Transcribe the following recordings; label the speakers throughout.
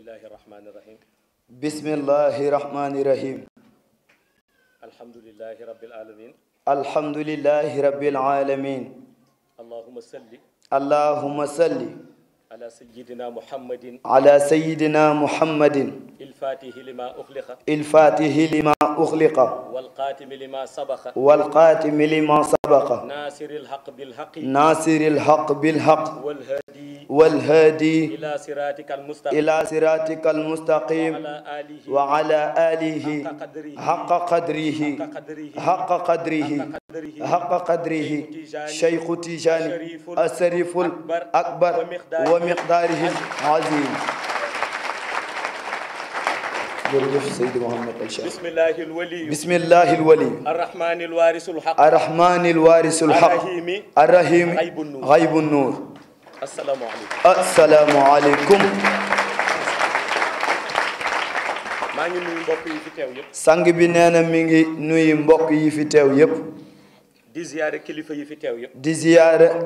Speaker 1: bismillahi rahmaani rahim bismillahi rahmaani rahim alhamdulillahi rabbil alamin alhamdulillahi rabbil alamin allahumma salli allahumma salli على سيدنا محمد على سيدنا محمد الفاتح لما أغلق الفاتح لما أغلق والقاتم لما سبق والقاتم لما سبق ناصر الحق بالحق ناصر الحق بالحق والهادي والهادي إلى صراطك المستقيم إلى صراطك المستقيم وعلى آله حق قدره حق قدره حق قدره شيخ تيجاني الشريف الأكبر ومقداره العظيم jërëjëf Seydi Mouhamed El Cheikh bismillahi lwali bismillahi lwali arrahmani lwarisul haq arrahmani lwarisul haq arrahimi arrahimi xaybun nuur asalaamaaleykum asalaamaaleykum. maa ngi nuyu mbokk yi fi sang bi nee na mi ngi nuyu mbokk yi fi teew yëpp. di ziyaare kilifa yi fi teew yëpp. di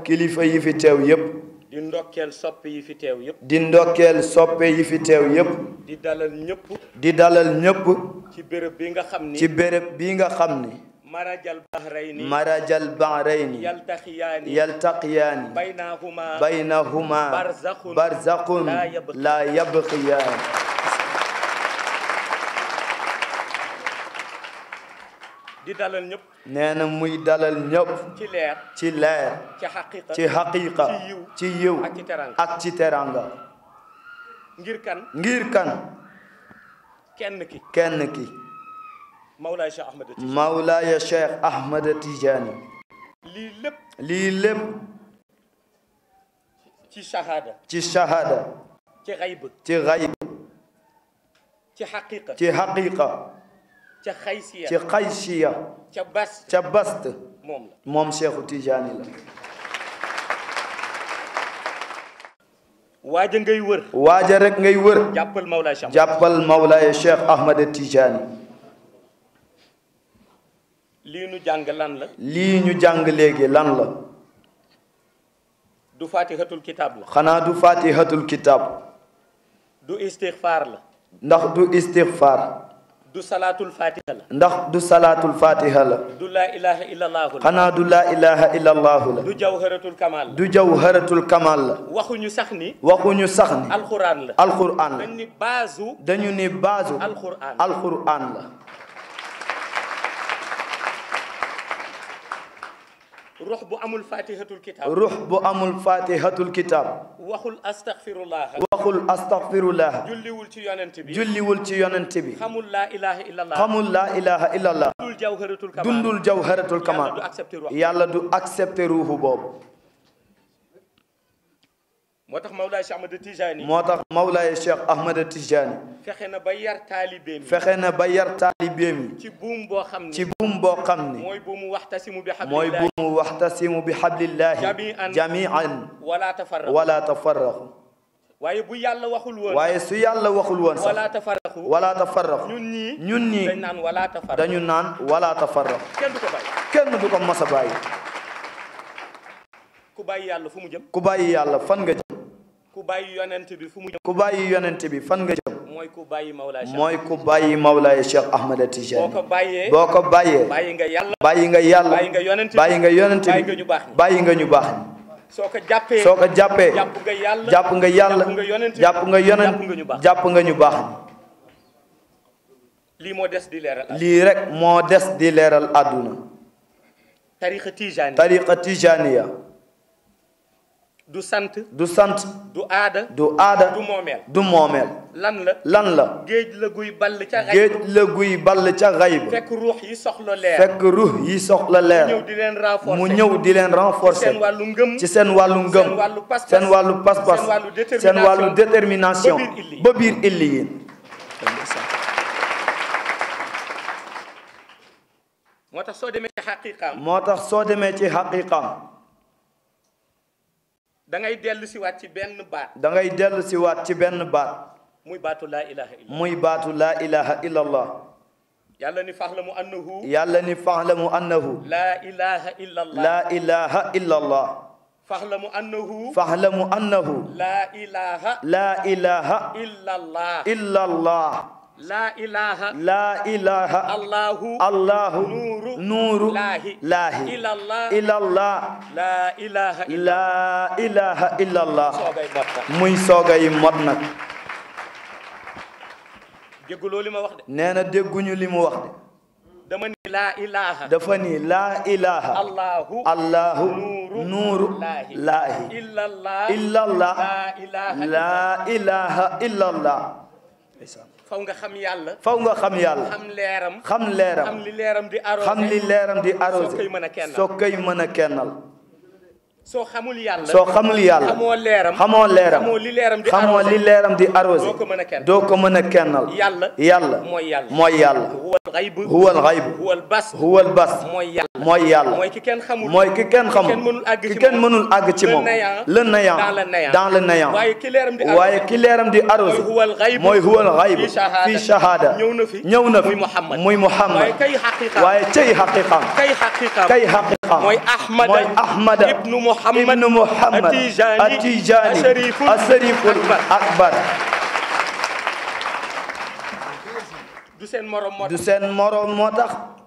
Speaker 1: kilifa yi fi teew yëpp. di ndokkeel soppe yi fi teew yëpp. di ndokkeel soppe yi fi teew yëpp. di dalal ñëpp. di dalal ñépp ci béréb bi nga xam ni. ci béréb bi nga xam ni. marajal bahrayni marajal bahrayni yaltaqiyaani yaltaqiyaani baynahuma baynahuma barzakhun barzakhun la yabghiyaan di dalal ñëpp nee na muy dalal ñëpp ci leer ci leer ci xaqiqa ci xaqiqa ci yiw ak ci teranga ngir kan ngir kan kenn ki kenn ki Mawlaaya Cheikh Ahmed Ahmed Tidiane. lii lépp lii lépp. ci shahada. ci shahada. ci xayb. ci xayb. ci xaqiqa. ci xaqiqa. ca xaysiya ca xaysiya. moom la moom Cheikh Tidiane la. waaja ngay wër. waaja rek ngay wër. jàppal Mawlaaya Cheikh jàppal Mawlaaya Cheikh Ahmed lii ñu jàng lan la. lii ñu jàng léegi lan la. du faatihatul kitaab la. xanaa du faatihatul kitaab. du istixfaar la. ndax du istixfaar. salaatul faatiha la. ndax du salaatul faatiha la. du laa ilaaha illallahu la. xanaa du laa ilaaha illallahu waxuñu sax ni. waxuñu sax ni. alquran la. alquran la. dañu ni baasu. dañu ni la. ruux bu amul fatihatul kitaab. ruux bu amul fatihatul kitaab. waxul astaghfirullah. waxul astaghfirullah. julliwul ci yonent bi. julliwul ci yonent bi. xamul laa ilaha illallah. xamul laa ilaha illallah. dundul jawharatul kamaal. dundul jawharatul kamaal. yàlla du accepté ruuxu boobu. moo tax Mawlaay Cheikh Ahmed Tidiane. moo tax Mawlaay Cheikh fexe na ba yar fexe na ba yar taalibeem ci buum boo xam ne. buum mooy buumu waxtasimu bi hablillahi. mooy buumu waxtasimu bi bu yàlla waxul woon. waaye su yàlla waxul woon sax. wala tafarraqu wala tafarraqu. dañu naan wala tafarraqu dañu naan ko bàyyi. kenn du ko mu jëm. ku bàyyi yàlla fan nga bàyyi yonent bi fu mu jëm. ku bàyyi yonent bi fan nga jëm. mooy ku bàyyi Mawlaay Cheikh. mooy ku bàyyi Mawlaay Cheikh Ahmed Tijani. boo ko bàyyee boo ko bàyyee. bàyyi nga yàlla bàyyi nga yàlla. bàyyi nga yonent bi bàyyi nga yonent bi bàyyi nga ñu baax ñi. soo ko jàppee soo ko jàppee jàpp nga yàlla jàpp nga yàlla jàpp nga yonent jàpp nga ñu baax lii moo des di leeral lii rek moo des di leeral àdduna tariqa tijaniya tariqa du sant du sant du aada du aada du moomeel lan la lan la géej la guy ball ca xayb géej la guy ball ca xayb fekk yi soxla leer fekk ruux yi soxla leer mu ñëw di leen renforcer mu ñëw di leen renforcer seen wàllu ngëm ci seen wàllu ngëm seen wàllu pas-pas seen wàllu wàllu détermination ba biir illi yi moo tax soo demee ci xaqiqaam moo tax soo demee ci xaqiqaam da ngay dellu si waat ci benn baat. da ngay dellu si waat ci benn baat. muy baatu laa ilaha illallah. muy baatu laa ilaha illallah. yàlla ni faxlamu annahu. yàlla ni faxlamu annahu. laa ilaha illallah. laa ilaha illallah. faxlamu annahu. faxlamu annahu. laa ilaha. laa ilaha. illallah. illallah. laa ilaha laa ilaha allahu allahu nuuru nuuru laahi laahi muy sooga yi mot nag li mu wax de dafa ni laa ilaha allahu nuuru laahi illallah faw nga xam yàlla. faw nga xam yàlla. xam leeram. xam leeram xam li leeram di arrosé xam li leeram di arrosé. soo koy mën a kennal soo koy mën a kennal. soo xamul yàlla soo xamul yàlla xamoo leeram xamoo leeram xamoo li leeram di arrosé doo ko mën a kennal yàlla yàlla mooy yàlla. huwal xayb huwal bas huwal bas mooy yàlla. mooy yàlla mooy ki kenn xamul mooy ki kenn xamul ki kenn mënul àgg ci moom le néant dans le néant waaye ki leeram di arrosé mooy huwal xayb fii shahada ñëw na fi muy Muhammad waaye cay xaqiqaam kay xaqiqaam mooy Ahmada ibnu Muhammad Atijaani ashariful akbar du seen morom moo tax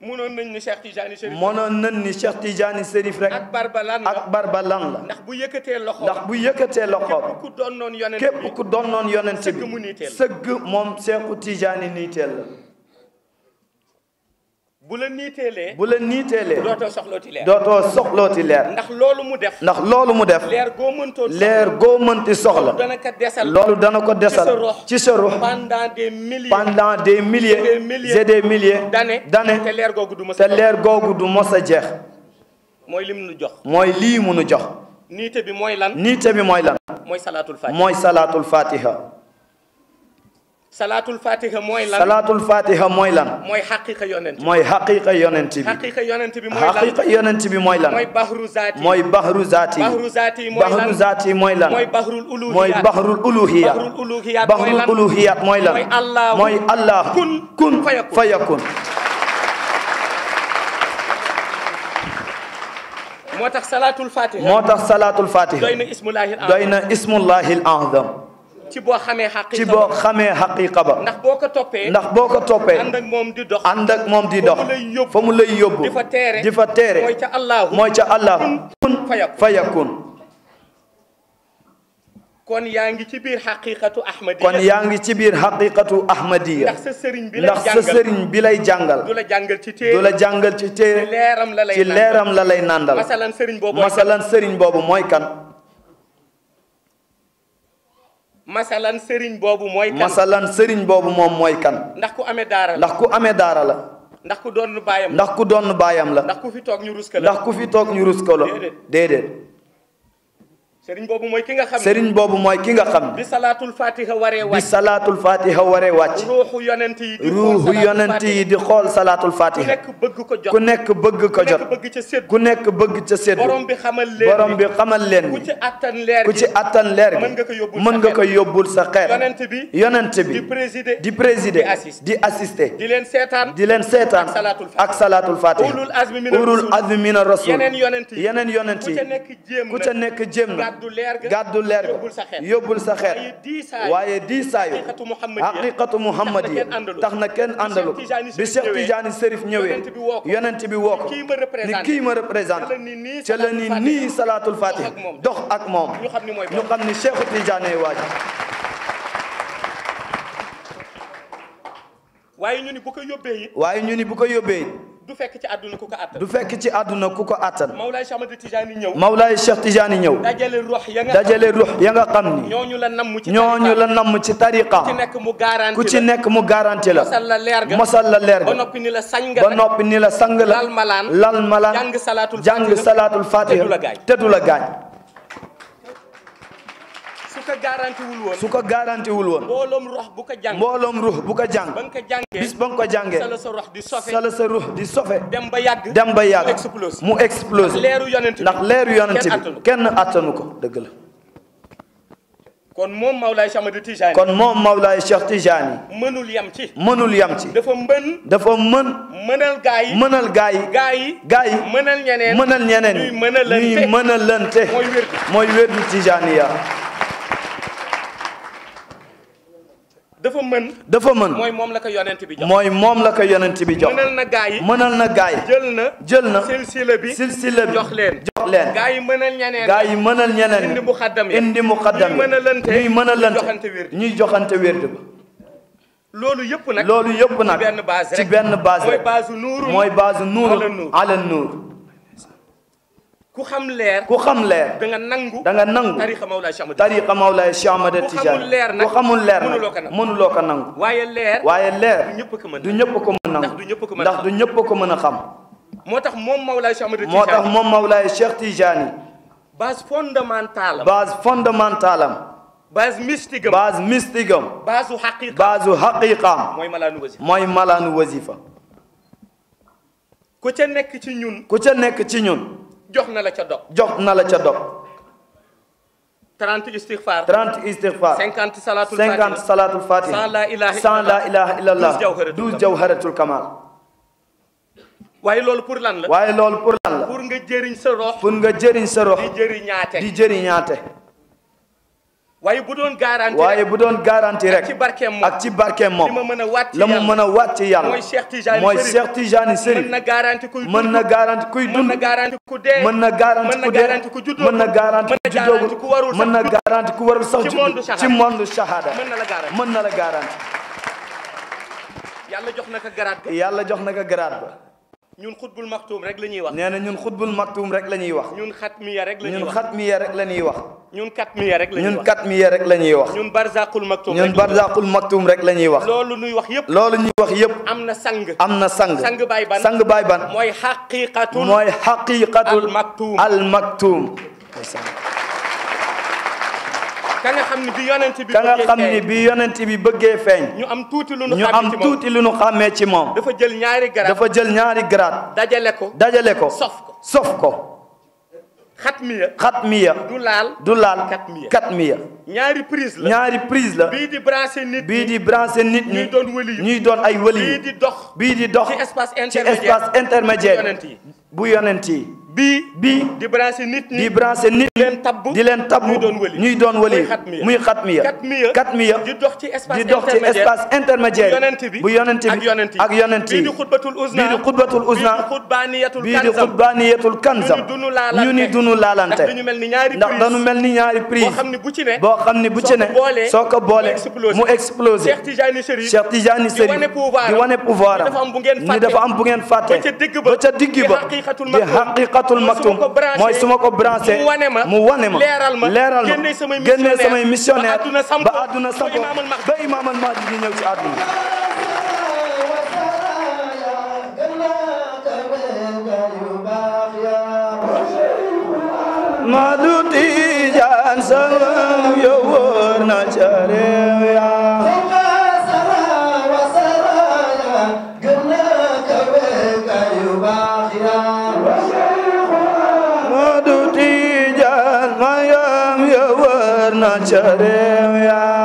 Speaker 1: mënoon nañ ni Cheikh Tidiane Chérif. mënoon nañ ni Cheikh Tidiane Chérif rek. ak barba lan la ak barba la. ndax bu yëkkatee loxo ndax bu yëkkatee loxo. ku doon noon yonent ku doon noon yonent bi. sëgg mu niiteel sëgg moom Cheikh Tidiane niiteel la. bu la niiteelee. bu la niiteelee. dootoo soxlooti leer. dootoo soxlooti leer. ndax loolu mu def. ndax loolu mu def. leer goo mëntoo leer goo mënti soxla. loolu dana ko desal. loolu dana ko desal ci sa ruux. pendant des milliers. pendant des milliers. des milliers. d'années d'années. te leer googu du mos a jeex leer googu du mos a jeex. mooy lim nu jox. mooy lii mu nu jox. niité bi mooy lan. niite bi mooy lan. mooy salaatul fatiha. mooy salaatul fatiha. salaatul fatiha mooy lan salaatul fatiha mooy lan. mooy xaqiqa yonent bi mooy xaqiqa yonent bi. xaqiqa yonent bi mooy lan xaqiqa yonent bi mooy lan. mooy baxru zaati mooy baxru zaati. baxru zaati mooy lan baxru zaati mooy lan. mooy baxrul uluhiyaat mooy baxrul uluhiyaat. baxrul uluhiyaat mooy lan. mooy allah kun kun fayakun. moo tax salaatul fatiha. moo tax salaatul fatiha. doy na ismullahil azam doy na ismullahil azam ci boo xamee xaqiqa ba ci boo xamee xaqiqa ba. ndax boo ko toppee. ndax boo ko toppee. ànd ak moom di dox ànd ak moom di dox. fa mu lay yóbbu di fa teere di fa teere. mooy ca Allahu mooy ca Allahu. kun fayakun. kon yaa ngi ci biir xaqiqatu ahmadiya kon yaa ngi ci biir xaqiqatu ahmadiya ndax sa sëriñ bi lay jàngal ndax sa sëriñ bi lay jàngal. du la jàngal ci téere du la jàngal ci téere. ci leeram la lay nandal ci leeram la lay nandal. masalan sëriñ boobu mooy kan. masalan sëriñ boobu mooy kan masalan sëriñ boobu moom mooy kan ndax ku amee daara la ndax ku amee daara la ndax ku doon baayam ndax ku doon baayam la ndax ku fi toog ñu rus ko la ndax ku fi toog ñu rus ko la déedéet sëriñ boobu mooy ki nga xam sëriñ boobu mooy ki nga xam bi salaatul fatiha waree wàcc bi salaatul fatiha waree wàcc ruuxu yonent yi ruuxu yonent yi di xool salaatul fatiha ku nekk bëgg ko jot ku nekk bëgg ca séddu borom bi xamal leen borom bi xamal leen ku ci attan leer ku ci attan leer gi mën nga ko yóbbul sa xeer yonent bi yonent bi di présider di présider di assister di leen seetaan di leen seetaan ak salaatul fatiha ulul azmi mina rasul yeneen yonent yi yeneen yonent yi ku ca nekk jéem na gàddu leer ga gàddu leer ga yóbbul sa xeet waaye diisaayu haqiqatu muhammad yi tax na kenn àndalu bi Cheikh Tidiane Serif ñëwee yonent bi woo ko ni kii ma représenté ca la ni nii salaatul fatih dox ak moom ñu xam ni Cheikh Tidiane waaji waaye ñu ni bu ko yóbbee waaye ñu ni bu ko yóbbee du fekk ci àdduna ku ko àttan. du fekk ci àdduna ku ko àttan. Mawlaay Cheikh Ahmad Tijaani ñëw. Mawlaay Cheikh Tijaani ñëw. dajale ruux ya nga. dajale ruux ya nga xam ni. ñooñu la namm ci tariqa la namm ci tariqa. ku ci nekk mu garanti la ku ci nekk mu garanti la. mosal la leer ga mosal la leer ba noppi ni la sang la ba noppi ni la sang la. lal malaan lal malaan. jàng salaatul jàng salaatul faatiha te du la gaañ. su ko garanti woon. su ko garanti wul woon. mbooloom ruux bu ko jàng. bu ko jàng. ba nga ko jàngee bis ba nga ko jàngee. sala sa ruux di sofe sala sa ruux di sofe. dem ba yàgg dem ba yàgg. mu explose mu explose. ndax leeru yonent bi ndax leeru yonent bi kenn atanu ko dëgg la. kon moom Mawlaay Cheikh Ahmadou kon moom Mawlaay Cheikh Tijani. mënul yam ci. mënul yam ci. dafa mën. dafa mën. mënal gaa yi. mënal gaa yi. gaa yi. gaa yi mënal ñeneen. mënal ñeneen. ñuy mënalante ñuy mënalante. mooy wérdu Tijaniya. dafa mën dafa mën mooy moom la ko yonent bi jox mooy moom la ko yonent bi jox mënal na gaa yi mënal na gaa yi jël na jël na silsila bi silsila bi jox leen jox leen gaa yi mënal ñeneen gaa yi mënal ñeneen indi mu xaddam yi indi mu xaddam yi ñuy mënalante ñuy ñuy joxante wérd ba loolu yëpp nag loolu yëpp nag ci benn base rek mooy base nuuru mooy base nuuru ala nuur ku xam leer ku xam leer da nga nangu da nga nangu tariqa Mawlaay Cheikh Ahmad tariqa Mawlaay Cheikh Ahmad Tijaan ku xamul leer nag mënuloo ko nangu waaye leer waaye leer du ñëpp ko mën nangu ndax du ñëpp ko mën a xam moo tax moom Mawlaay Cheikh Ahmad Tijaan moo tax moom Mawlaay Cheikh Tijaan base fondamentale base fondamentale am base mystique am base mystique am base xaqiqa base xaqiqa am mooy malaanu wasifa mooy malaanu wasifa ku ca nekk ci ñun ku ca nekk ci ñun jox na la ca dog jox na la ca dog 30 istighfar 30 istighfar 50 salatul 50 salatul fatiha 100 la ilaha illallah 100 la ilaha illallah 12 jawharatul kamal waaye loolu pour lan la waaye loolu pour lan la pour nga jëriñ sa rox pour nga jëriñ sa rox di jëriñaate di waaye bu doon garanti waaye bu doon garanti rek ak ci barkeem moom la mu mën a wàcc ci yàlla mooy Cheikh Tijani Serif mën na garanti kuy dund mën na garanti kuy dund mën na garanti ku dee mën na garanti ku juddoo mën na garanti ku warul mën na garanti ku warul sax ci monde shahada mën na la garanti jox na ko garaat yàlla jox na ko garaat ba ñun xutbul maktuum rek la ñuy wax. nee na ñun xutbul maktuum rek la ñuy wax. ñun xatmiya rek la ñuy wax ñun xatmiya rek la ñuy ñun katmiya rek la ñuy wax ñun rek la ñuy wax. ñun barzaqul maktuum ñun barzaqul maktuum rek la ñuy wax. loolu ñuy wax yëpp. loolu ñuy wax yëpp. am na sang. am na sang sang baay ban sang baay ban. mooy xaqiqatul mooy xaqiqatul. al maktuum al maktuum. ka nga xam ni bi yonent bi ka nga xam ni bi yonent bi bëggee feeñ. ñu am tuuti lu ñu am tuuti lu ñu xàmmee ci moom. dafa jël ñaari garaat dafa jël ñaari garaat. dajale ko dajale ko. sof ko sof ko. xatmiya xatmiya. du laal du laal katmiya. ñaari prise ñaari prise la. bii di branché nit bii di branché nit ñi. ñuy doon ñuy doon ay wëli bii di dox bii di dox. ci espace intermédiaire ci espace intermédiaire bu yonent yi. bii bii di branché nit ñi di branché nit ñi di leen tabb ñuy doon wali muy xatmiya xatmiya di dox ci espace intermédiaire bu yonent bi ak yonent yi bii di xutbatul uzna bii di xutbaaniyatul kanzam ñu ni dunu laalante ndax dañu mel ni ñaari prix boo xam ne bu ci ne soo ko boole mu explose Cheikh Tijani Seri di wane pouvoir am ni dafa am bu ngeen fàtte ba ca digg ba di xaqiqa waraqatul maktum mooy su ma ko branché mu wane ma leeral ma génne samay missionnaire ba àdduna sampo ba imaamal mahdi di ñëw ci àdduna
Speaker 2: Madu Tijaan
Speaker 1: sama yow wóor na ca réew ya ca réew ya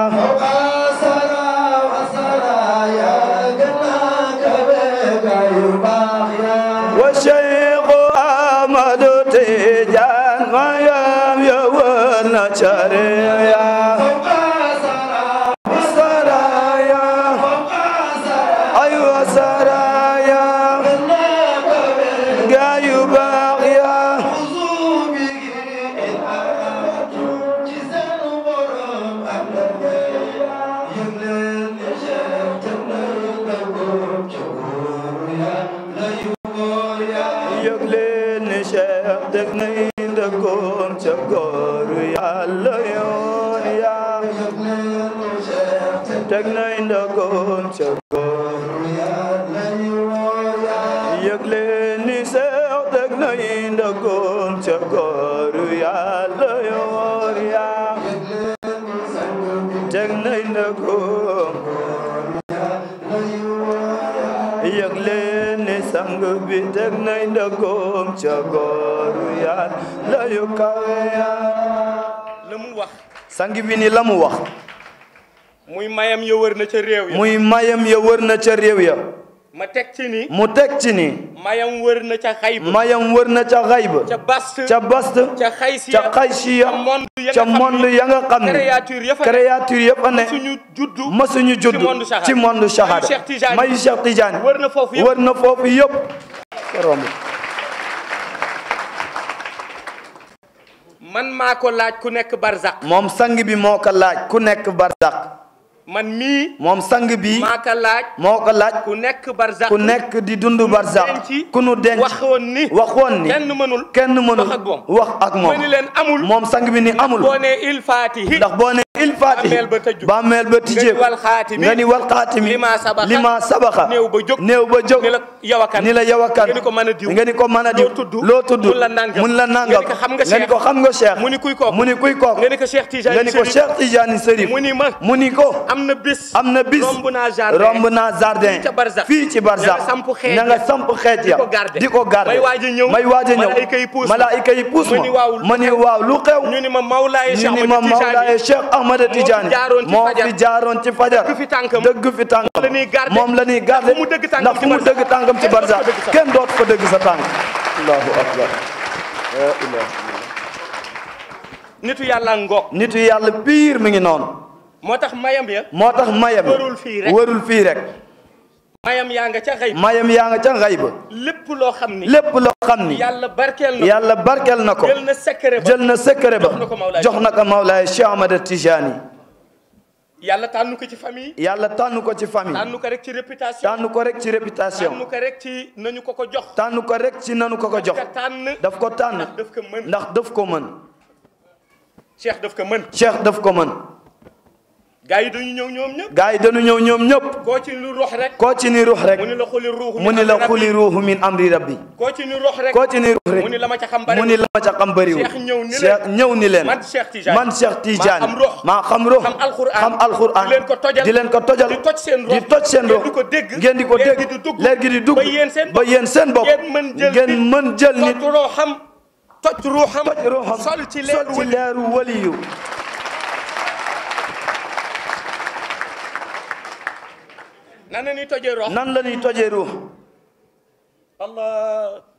Speaker 1: bi teg nay ndëggoom ca gooru yaat la yu kawe yaat la mu wax sangi bi ni la mu wax muy mayam ya wër na ca réew ya mayam ya wër na ca réew ya ma teg ci ni mu teg ci ni mayam wër na ca xayba mayam wër na ca xayba ca bast ca bast ca xaysiya ca xaysiya ca monde ya nga xam ne créature yëpp a ne masuñu juddu masuñu juddu ci monde sahada mayu Cheikh Tidiane wër na foofu yëpp te man maa ko laaj ku nekk barzak moom sang bi moo ko laaj ku nekk barzak man mii moom sang bi maa laaj moo ko laaj ku nekk barzax ku nekk di dund barzax ku nu denc waxoon ni wax waxoon ni kenn mënul kenn mënul wax ak moom ni leen amul moom sang bi ni amul boo nee il faatihi ndax boo nee il faatihi bàmmeel ba tijjee nga ni wal xaatimi li ma sabaxa néew ba jóg néew ba jóg ni la yow akan nga ni ko mën a diw loo tudd mun la nangam nga ni ko xam nga cheikh mu ni kuy kooku nga ni ko cheikh Tijani Serif mu ni ko am na bis na bis romb naa jardin romb naa jardin fii ci barza na nga samp xeet ya di ko garde may waaj a ñëw may waaj a ñëw malaayika yi puus ma ma ni waaw lu xew ñu ni ma mawlaaye Cheikh Ahmada Tidiane moo fi jaaroon ci fajar dëgg fi moom la ñuy garde ndax fu mu dëgg tànkam ci barza kenn doot ko dëgg sa tànk
Speaker 2: allahu akbar
Speaker 1: nitu yàlla ngoog nitu mi ngi noonu moo tax mayam ya moo tax mayam warul fii warul fii rek mayam yaa nga ca xay mayam yaa nga ca xay lépp loo xam ni lépp loo xam ni yàlla barkeel na yàlla barkeel na ko jël na secret ba jël na secret ba jox na ko Mawlaay Cheikh Ahmada Tijaani yàlla tànn ko ci famille. yàlla tànn ko ci famille. tànn ko rek ci réputation. tànn ko rek ci réputation. tànn ko rek ci nañu ko ko jox. tànn ko rek ci nañu ko ko jox. daf ko tànn daf ko tànn. ndax daf ko mën. Cheikh daf ko mën. Cheikh daf ko mën. gaa yi dañu ñëw ñoom ñëpp. gaa yi ñëw ñoom ñëpp. koo ci ni ruux rek. koo ci ni ruux rek. mu ni la xuli ruuxu min amri rabbi mu ni la xuli ruuxu min amri rabbi. koo ci ni ruux rek. koo ci ni ruux rek. mu ni la ma ca xam ma xam bëriwul. leen. man Cheikh Tidiane man Cheikh Tidiane. maa xam ruux maa xam ruux. xam di leen ko tojal di leen ko tojal. di toj seen ruux di toj seen ruux. ngeen di ko dégg leer gi di dugg ba yéen seen bopp ngeen mën jël nit toj ruuxam toj ruuxam sol ci leeru waliyu nan la ñuy tojee ruux nan la ñuy tojee ruux Allah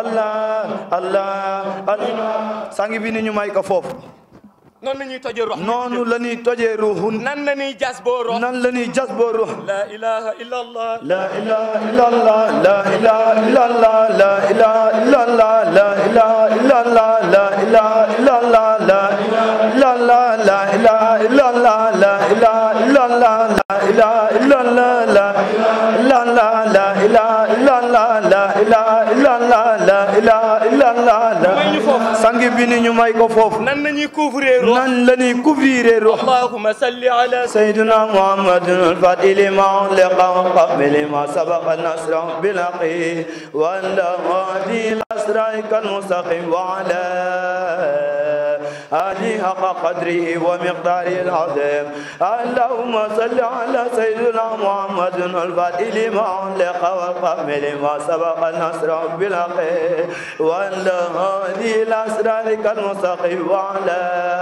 Speaker 1: allah allah allah sangi bi ni ñu may ko foofu noonu la ñuy tojee ruux noonu la ñuy tojee ruuxun nan la ñuy jas boo ruux nan la ñuy jas boo ruux la ilaha illallah la ilaha illallah la ilaha illallah la ilaha illallah la ilaha illallah la ilaha illallah la ilaha illallah la ilaha illallah la ilaha illallah la ilaha illallah la ilaha illallah la ilaha illallah la ilaha illallah ilaha illallah sang bi ni ñu may ko foofu nan la ñuy couvrir nan la ñuy couvrir allahumma salli ala sayyidina muhammadin al-fatih lima ughliqa qabl ma sabaqa nasra bil haqqi wa ala alihi asra'ika al-mustaqim wa ala أني حق قدره ومقداره العظيم اللهم صل على سيدنا محمد الفاتح لما علق والقمل لما سبق النصر بالحق وعلى هذه الأسرارك المستقيم وعلى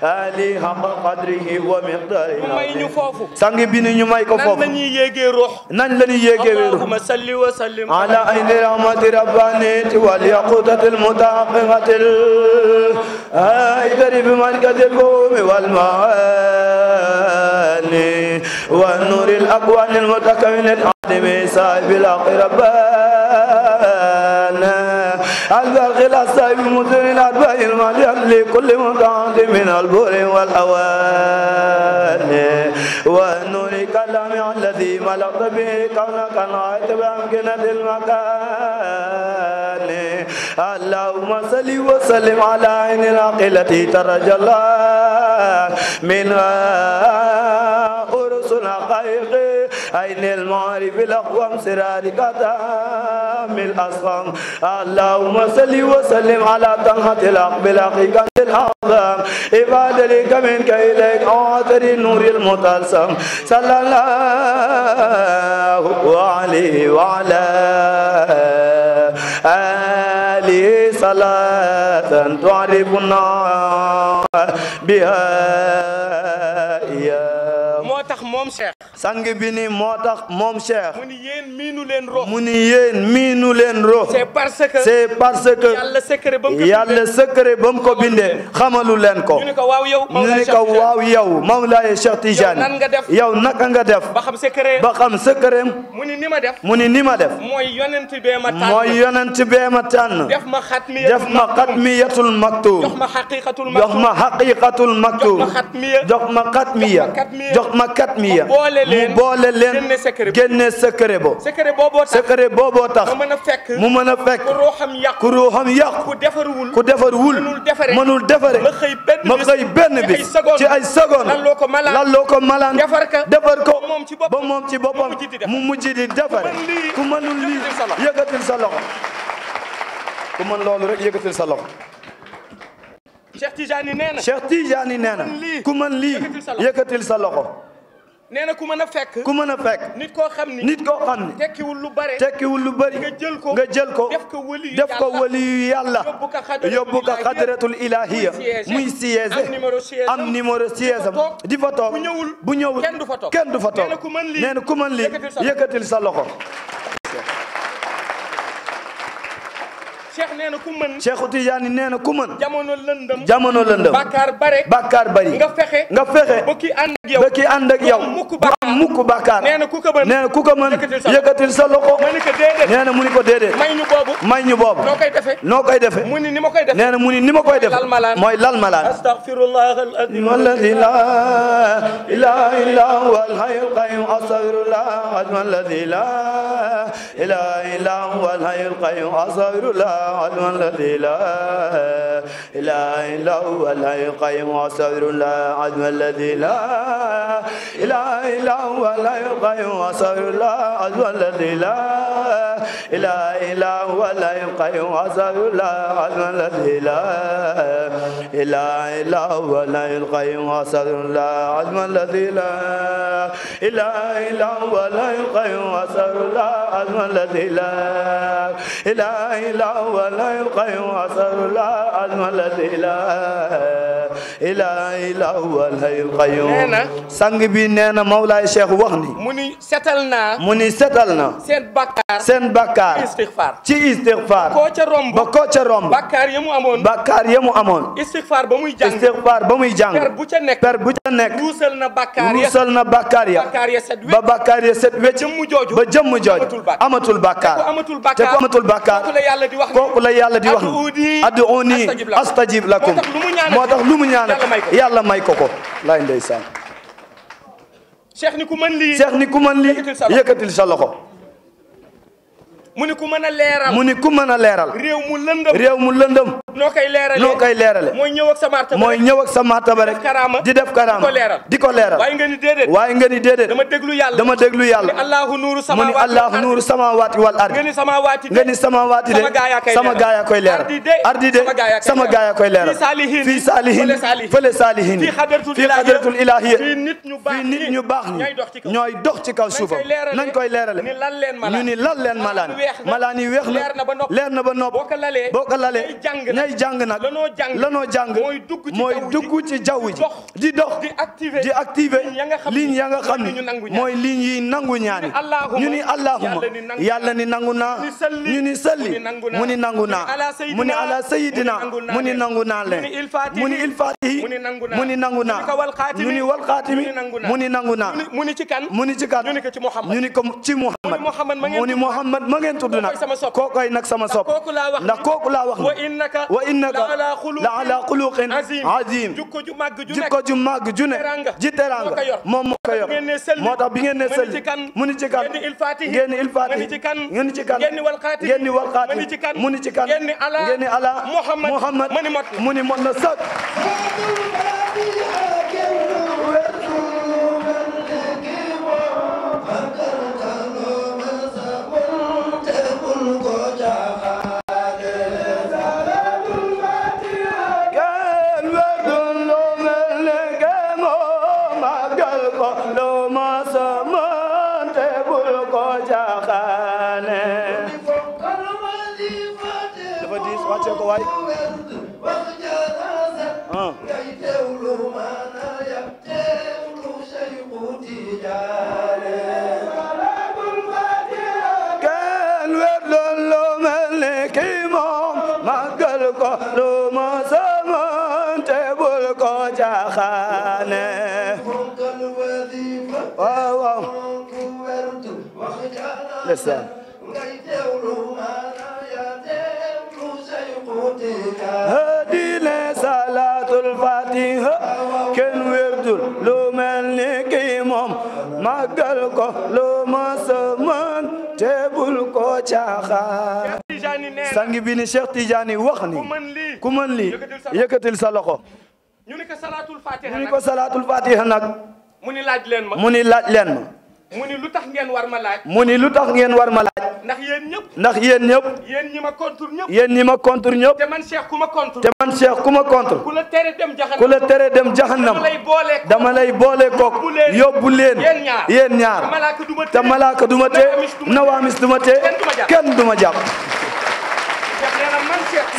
Speaker 1: ali hamba qadrihi wa miqdarihi mu may ñu foofu sang bi ni ñu may ko foofu nan la ñuy yéegee ruux nan la ñuy yéegee ruux allahumma salli wa sallim ala ayni rahmati rabbaniyati wal yaqutati al mutahaqqiqati al aydari bi markati al qawmi wal maani wa nuri al akwani al mutakammin al adimi sahibi al aqi rabbani أنزل خلاص بمدن الأدواء المالية لكل متعد من البر والأوان والنور كلام الذي ملقت به كونك نعيت بأمكنة المكان اللهم صل وسلم على عين العقل التي ترجى
Speaker 2: الله
Speaker 1: منها عين المعارف الأقوام سرارك تام الأسقام اللهم صل وسلم على طلحة الحق بالحقيقة العظام إباد لك منك إليك عاطر النور المتلسم صلى الله عليه وعلى آله صلاة تعرفنا بها moom Cheikh. sang bi ni moo tax moom Cheikh. mu ni yéen miinu leen ro. mu ni yéen miinu leen ro. ko bindee yàlla secret ba xamalu leen ko. ñu ni ko waaw yow Mawlaaye Cheikh Tidiane ni ko waaw yow Mawlaaye Cheikh nga def yow naka nga def. ba xam secret ba xam secret. mu ni ni ma def. mu ni ni ma def. mooy yonent bee ma tànn mooy yonent bee ma tànn. def ma xatmiyatul maktum jox ma xaqiqatul maktum jox ma xaqiqatul maktum jox Ahmadiyya mu boole leen génne secret bo secret booboo tax mu mën a fekk ku ruuxam yàq ku defarwul mënul defare ma xëy benn bi ci ay seconde lalloo ko malaan defar ko ba moom ci boppam mu mujj di defare ku mënul lii yëkkatil sa loxo ku mën loolu rek yëkkatil sa loxo Cheikh Tijani na Cheikh nee na ku mën lii yëkkatil sa loxo nee na ku mën a fekk ku mën a fekk nit koo xam ni nit koo xam ni tekkiwul lu bare tekkiwul lu bari nga jël ko nga jël ko def ko wali def ko wali yàlla yóbbu ko xadratul ilahiya muy siège am numéro siège am di fa toog bu ñëwul kenn du fa toog nee na ku mën lii yëkkatil sa loxo cheikh nee na ku mën. cheikhu Tidiane nee na ku mën. jamono lëndëm jamono lëndëm. bakkaar bare bakkaar bari. nga fexe nga fexe. ba kii ànd ak yow ba kii ànd ak yow. bu am mukk bakkaar nee na ku ko mën nee na ku ko mën. yëkkatil sa loxo nee na mu ni ko déedéet. may ñu boobu may ñu boobu. noo koy defee noo koy defee. mu ni ni ma koy defee nee na mu ni ni ma koy defee. mooy lal malaan astaghfirullah alladhi la ilaha illa huwa alhayyul qayyum astaghfirullah alladhi la ilaha illa huwa alhayyul qayyum astaghfirullah علم الذي لا إله إلا هو الحي القيوم وصبر لا عزم الذي لا إله إلا هو الحي القيوم وصبر لا عزم الذي لا إله إلا هو الحي القيوم وصبر لا عزم الذي لا إله إلا هو الحي القيوم أستغفر الله العظيم الذي لا إله إلا هو الحي القيوم أستغفر الله العظيم الذي لا إله إلا هو الحي القيوم أستغفر الله العظيم الذي لا ilaa ilaa wal hayyul qayyum na sang bi nee na Mawlaay Cheikh wax ni mu ni setal naa mu ni setal na seen bakkaar sen bakkaar ci istighfar ci istighfar koo ca ba koo ca romb bakkaar ya mu amoon bakkaar ya mu amoon istighfar ba muy jàng istighfar ba muy jàng per bu ca nekk per bu ca nekk ruusal na
Speaker 2: bakkaar ya
Speaker 1: na bakkaar ya ba bakkaar ya set wecc jëmm jooju ba jëmm jooju amatul bakkaar te ko amatul bakkaar kooku la yàlla di wax ni ad'uuni astajib lakum moo tax lu ñaanal yàlla may ko ko laay ndeysaan. cheikh ni ku man lii cheikh ni ku mën lii yëkkatil sa loxo. mu ni ku mën a leeral mu ni ku mën a leeral réew mu lëndëm réew mu lëndëm noo koy leerale noo koy leerale mooy ñëw ak sa martaba mooy ñëw ak sa martaba rek di def karaama di ko leeral waaye ni déedéet waaye nga ni déedéet dama déglu yàlla dama déglu yàlla allahu nuuru sama mu ni allahu nuuru sama waati wal ard nga sama waati nga ni sama waati de sama gaa yaa koy leeral ardi de sama gaa yaa koy leeral fii saalihin fële saalihin fii xadratul ilaahiya fii nit ñu baax ñi ñooy dox ci kaw suufam nañ koy leerale ñu lan leen malaani malaan yi weex na leer na ba nopp boo ko lalee ñay jàng nag lanoo jàng mooy dugg ci jaww ji di dox di activer ligne ya nga xam ne mooy ligne yi nangu ñaani ñu ni allahuma yàlla ni nangu naa ñu ni salli mu ni nangu naa mu ni ala sayidina mu ni nangu naa leen mu ni ilfatihi mu ni nangu naa ñu ni wal xaatimi mu ni nangu naa mu ni ci kan ñu ni ko ci Muhammad mu ni Muhammad ma ngeen tudd nag kookoy nag sama sopp ndax kooku laa wax na wa innaka la ala xuluqin azim jikko ju màgg ju ne ji teranga moom moo ko yor moo tax bi ngeen ne sëlli mu ni ci kan ngeen ni ilfaati ngeen ni ci kan ngeen ni walxaati mu ni ci kan ngeen ni ala muhammad mu ni mot na sëkk
Speaker 2: ndeysaan ngay teewlu ana ya teewlu sayxutika
Speaker 1: hadi le salatul lu mel ni kii moom ko lu ma sëman ko caaxaan sang bi ni Cheikh Tidiane ku mën lii yëkkatil sa loxo ñu ni ko salatul fatiha nag mu ni laaj leen ma mu ni lu tax ngeen war ma laaj. mu ni lu tax ngeen war ma laaj. ndax yéen ñëpp. ndax yéen ñëpp. yéen ñi ma contre ñëpp. yéen ñi ma contre ñëpp. te man Cheikh ku ma contre. te man Cheikh ku ma contre. la tere dem jaxanam ku la tere dem dama lay boole kook yóbbu leen yéen ñaar te malaaka duma te nawaamis duma te kenn duma jàpp.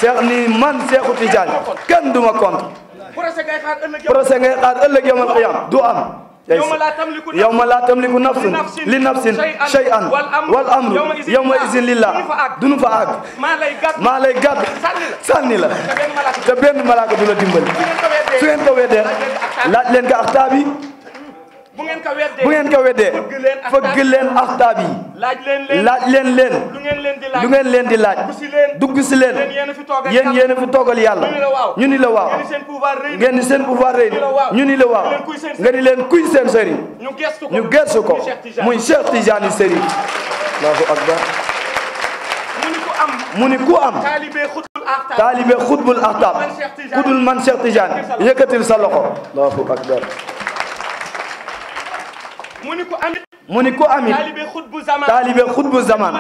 Speaker 1: Cheikh ni man Cheikhou Tidiane kenn duma contre. procès ngay xaar ëllëg yamal xiyaam du am.
Speaker 2: yawma laa tamliku yawma laa tamliku nafsun li nafsin shay'an wal amru yawma izin lillah duñu fa àgg
Speaker 1: maa lay gàdd sànni la te benn malaaka du la dimbali su ngeen ko weddee laaj leen ko ak taabi bu ngeen ko weddee bu ngeen ko weddee fëgg leen axtaab yi laaj leen leen leen leen lu ngeen leen di laaj ngeen leen di laaj dugg si leen yéen yéen a fi toogal yàlla ñu ni la waaw ngeen ni seen pouvoir rëy ñu ni la waaw nga ni leen kuy seen sëriñ ñu gestu ko muy Cheikh Tidiane sëriñ allahu akbar mu ni ku am taalibe xutbul axtaab ku dul man Cheikh Tidiane yëkkatil sa loxo allahu akbar mu ni ko amit mu ni ko amit taalibe xutbu zaman taalibe xutbu zaman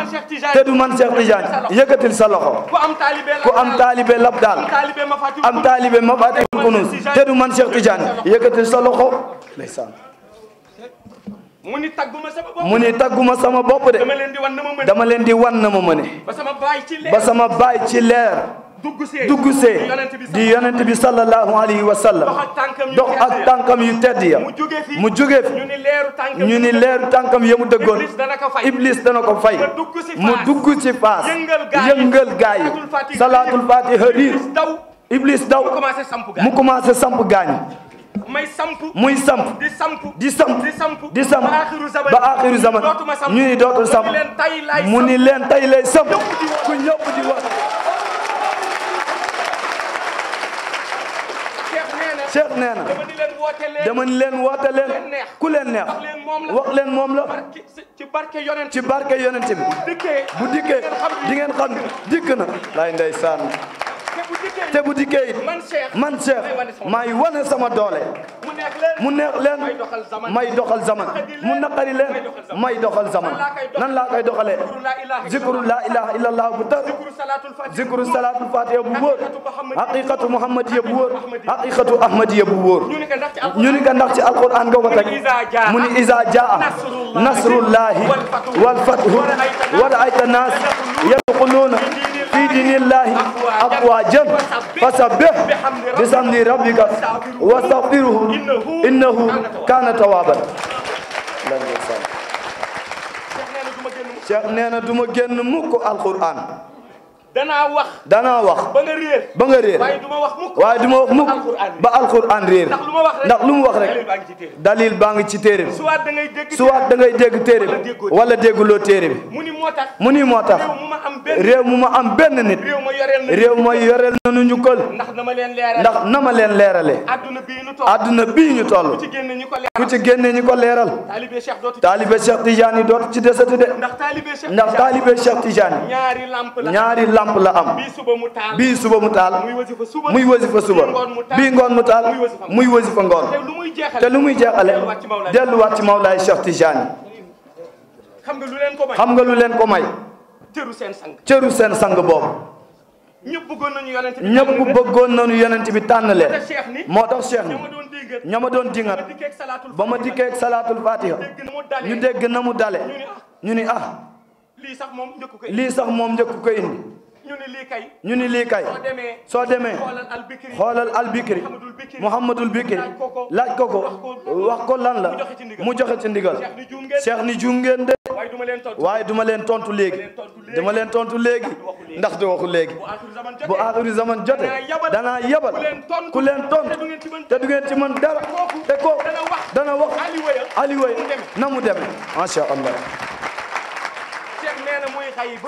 Speaker 1: te du man Cheikh Tidiane yëkkatil sa loxo ku am taalibe lab daal am taalibe mafaatihul kunuz te du man Cheikh Tidiane yëkkatil sa loxo ndeysaan mu ni tagguma sama bopp mu ni tagguma sama bopp de dama leen di wan na ma mëne ba sama baay ci leer dugg se di yonent bi sallallahu alayhi wa sallam dox ak tànkam yu tedd ya mu jóge fi ñu ni leeru tànkam ya mu dëggoon iblis dana ko fay mu dugg ci faas yëngal gaa yi salaatul fatiha riir iblis daw mu commencé samp gaañu may samp muy samp di samp di samp di samp ba axiru zaman ñu ni dootul samp mu ni leen tay lay samp ku ñëpp di wax Cheikh nee na dama ni leen woote leen ku leen neex wax leen moom la ci barke yonent ci barke yonent bi bu dikkee di ngeen xam dikk na lay ndeysaan te bu dikkee it man Cheikh may wane sama doole mu neex leen may doxal zaman mu naqari leen may doxal zaman nan laa koy doxalee zikru la ilaha illallah bu tar zikru salatul fatiha bu wóor haqiqatu muhammadiya bu wóor haqiqatu ahmadiya bu wóor ñu ni ko ndax ci alquran nga ko teg mu ni iza jaa nasrullahi wal fathu wa ra'ayta nas yadkhuluna fi dinillahi afwajan fasabbih bihamdi rabbika wastaghfiruhu innahu kana tawwaban Cheikh nee na du ma génn mukk alquran danaa wax. danaa wax. ba nga ba nga réer waaye du ma wax mukk. waaye du ma wax mukk ba alxuraan réer. ndax lu ma wax rek ndax lu mu wax rek. dalil baa ngi ci téere bi. suwaat da ngay dégg. suwaat da ngay dégg téere bi. wala dégguloo téere bi. mu ni moo tax. mu ni moo tax réew mu ma am benn nit. réew ma yoreel nañu ñu kël. ndax na ma leen leerale. ndax na ma leen leerale. adduna bii ñu toll. adduna bii ñu toll. ci génne ñu ko leeral. ku ci génne ñi ko leeral. taalibe Cheikh Tidiane dootu ci desati de. ndax taalibe Cheikh Tidiane. ñaari lamp la. làmp la am bii suba mu taal muy wasifa suba bii ngoon mu taal muy wasifa ngoon te lu muy jeexale delluwaat ci Mawlaay Cheikh Tijaani xam nga lu leen ko may cëru seen sang boobu ñëpp bëggoon nañu yonent bi tànn leen moo tax cheikh ni ña ma doon dingat ba ma dikkee ak salaatul fatiha ñu dégg na mu dale ah. ñu ni ah lii sax moom njëkk ko indi ñu ni lii kay ni lii kay soo demee xoolal albikri muhammadul bikri laaj ko ko wax ko lan la mu joxe ci ndigal cheikh ni juum ngeen de waaye duma leen tontu léegi duma leen tontu léegi ndax du waxu léegi bu aaxiru zaman jote danaa yabal ku leen tontu te du ngeen ci mën dara e ko dana wax aliwaya na mu demee macha allah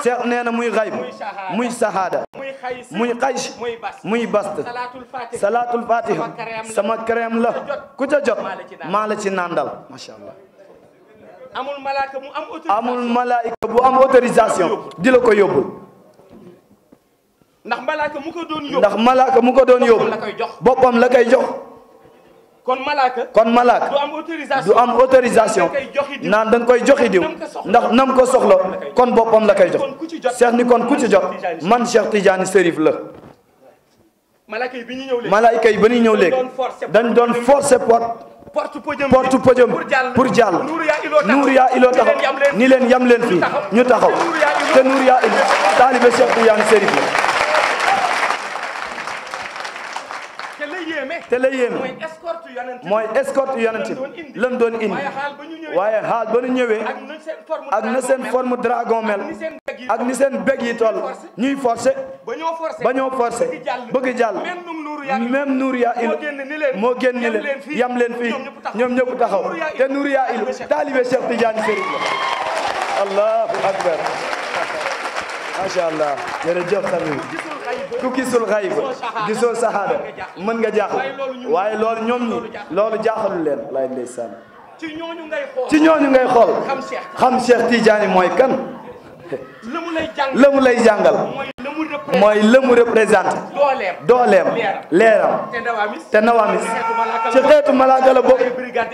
Speaker 1: Cheikh nee na muy xayb muy sahaada muy xays muy bast salaatul fatiha sama kareem la ku ca jot maa la ci nandal macha allah amul malaaka mu am autorisation amul malaaka di la ko yóbbul. ndax malaaka mu ko doon yóbbu ndax mu ko doon yóbbu boppam la koy jox. kon malaak kon malaaka du am autorisation du am autorisation naan da nga koy joxi diw ndax nam ko soxla kon boppam la koy jox Cheikh ni kon ku ci jot man Cheikh Tidiane Serif la. malaaka yi bi ñu ñëw léegi malaaka yi ba ñu ñëw léegi dañ doon forcer porte. porte podium porte podium pour jàll nuur yaa iloo taxaw ni leen yam leen fii ñu taxaw te nuur yaa il taalibe Cheikh Tidiane Serif la. te la yéen mooy escorte yonent bi lan doon indi waaye xaal ba ñu ñëwee ak na seen forme dragon ak ni seen bég yi toll ñuy forcé ba ñoo forcé bëgg jàll même nuur yaa il moo génn ni leen yam leen fii ñoom ñëpp taxaw te nuur yaa il taalibe Cheikh Tidiane Serigne la allahu akbar macha allah jërëjëf tamit
Speaker 2: ku gisul xayb gisoo sahaada
Speaker 1: mën nga jaaxal waaye loolu ñoom ñi loolu jaaxalu leen lay ndeysaan ci ñooñu ngay xool ci ñooñu ngay xool xam Cheikh Tidiane mooy kan la mu lay jàngal mooy la mu représenté
Speaker 2: dooleem leeram
Speaker 1: te nawaamis ci xeetu a la bokk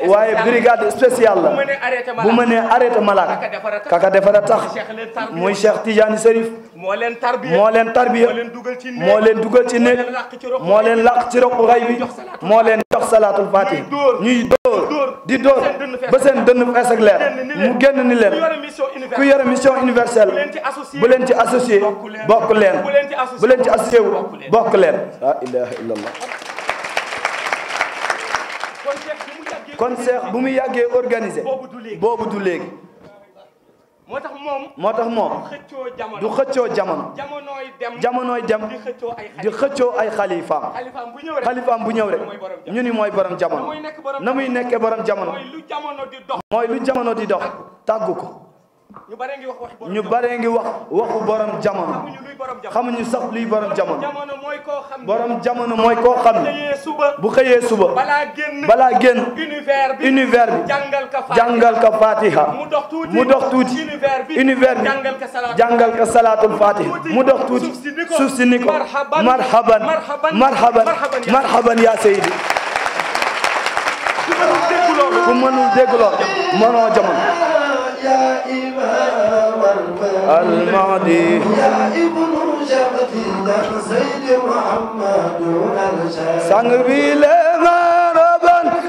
Speaker 1: waaye brigade spéciale la bu mënee arrêté malaaka kaka defara tax muy Cheikh Tidiane Serif moo leen tarbiya moo leen dugal ci néeg moo leen làq ci roq xay bi moo leen jox salaatul fatih ñuy dóor di dóor ba seen dënn fees ak leer mu génn ni leen ku yore mission universelle bu leen ci associé bokk leen bu leen ci associé bokk leen laa ilaha illallah kon bu mu yàggee organisé boobu du léegi moo tax moom moo tax moom du xëccoo jamono jamonooy dem di xëccoo ay xalifaam xalifaam bu ñëw rek ñu ni mooy borom jamono na muy nekkee borom jamono mooy lu jamono di dox di tàggu ko ñu bare ngi wax ñu bare ngi wax waxu borom jamono. xamuñu sax luy borom jamono. borom jamono mooy koo xam ne. bu xëyee suba. balaa génn univers bi jàngal ka fatiha. mu dox tuuti univers bi jàngal ka salaatul fatiha. mu dox tuuti suuf si ni ko marhaban marhaban marhaban yaa seydi. ku mënul
Speaker 2: dégg lool mënoo jamono. يا إمام المهدي يا ابن جبتي يا سيد محمد الجلال سنبي لما ربا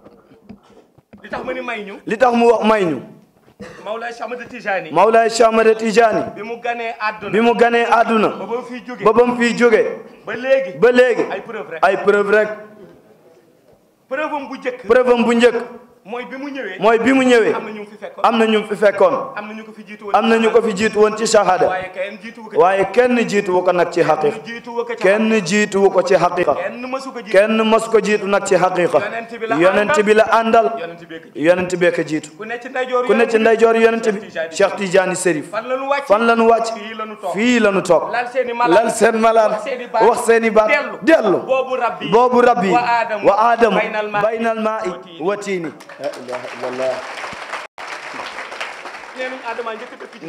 Speaker 1: li tax mu ni may ñu. li tax mu wax may ñu. Mawlaay Cheikh Ahmada Tijaani. Mawlaay Cheikh Ahmada Tijaani. bi mu ganee àdduna. bi mu ganee àdduna. ba ba mu fiy jógee. ba ba fiy jógee. ba léegi. ba léegi ay preuve rek ay preuve bu njëkk. preuve am bu njëkk. mooy bi mu ñëwee. mooy bi mu ñëwee. am na ñu fi fekkoon. am na ñu ko fi jiitu woon am na ñu ko fi jiitu woon ci shahada. waaye kenn jiituwu ko nag ci xaqiqa. kenn jiituwu ko ci xaqiqa. kenn mas ko jiitu nag ci xaqiqa. yonent bi la àndal yonent bee ko jiitu. ku ne ci ndeyjoor yonent bi. Cheikh Tidiane Serif. fan la nu wàcc fii la nu toog. lal seen malaan wax seeni i baat dellu. boobu rabbi wa aadamu baynal maa i wa tiini. la ilaha illallah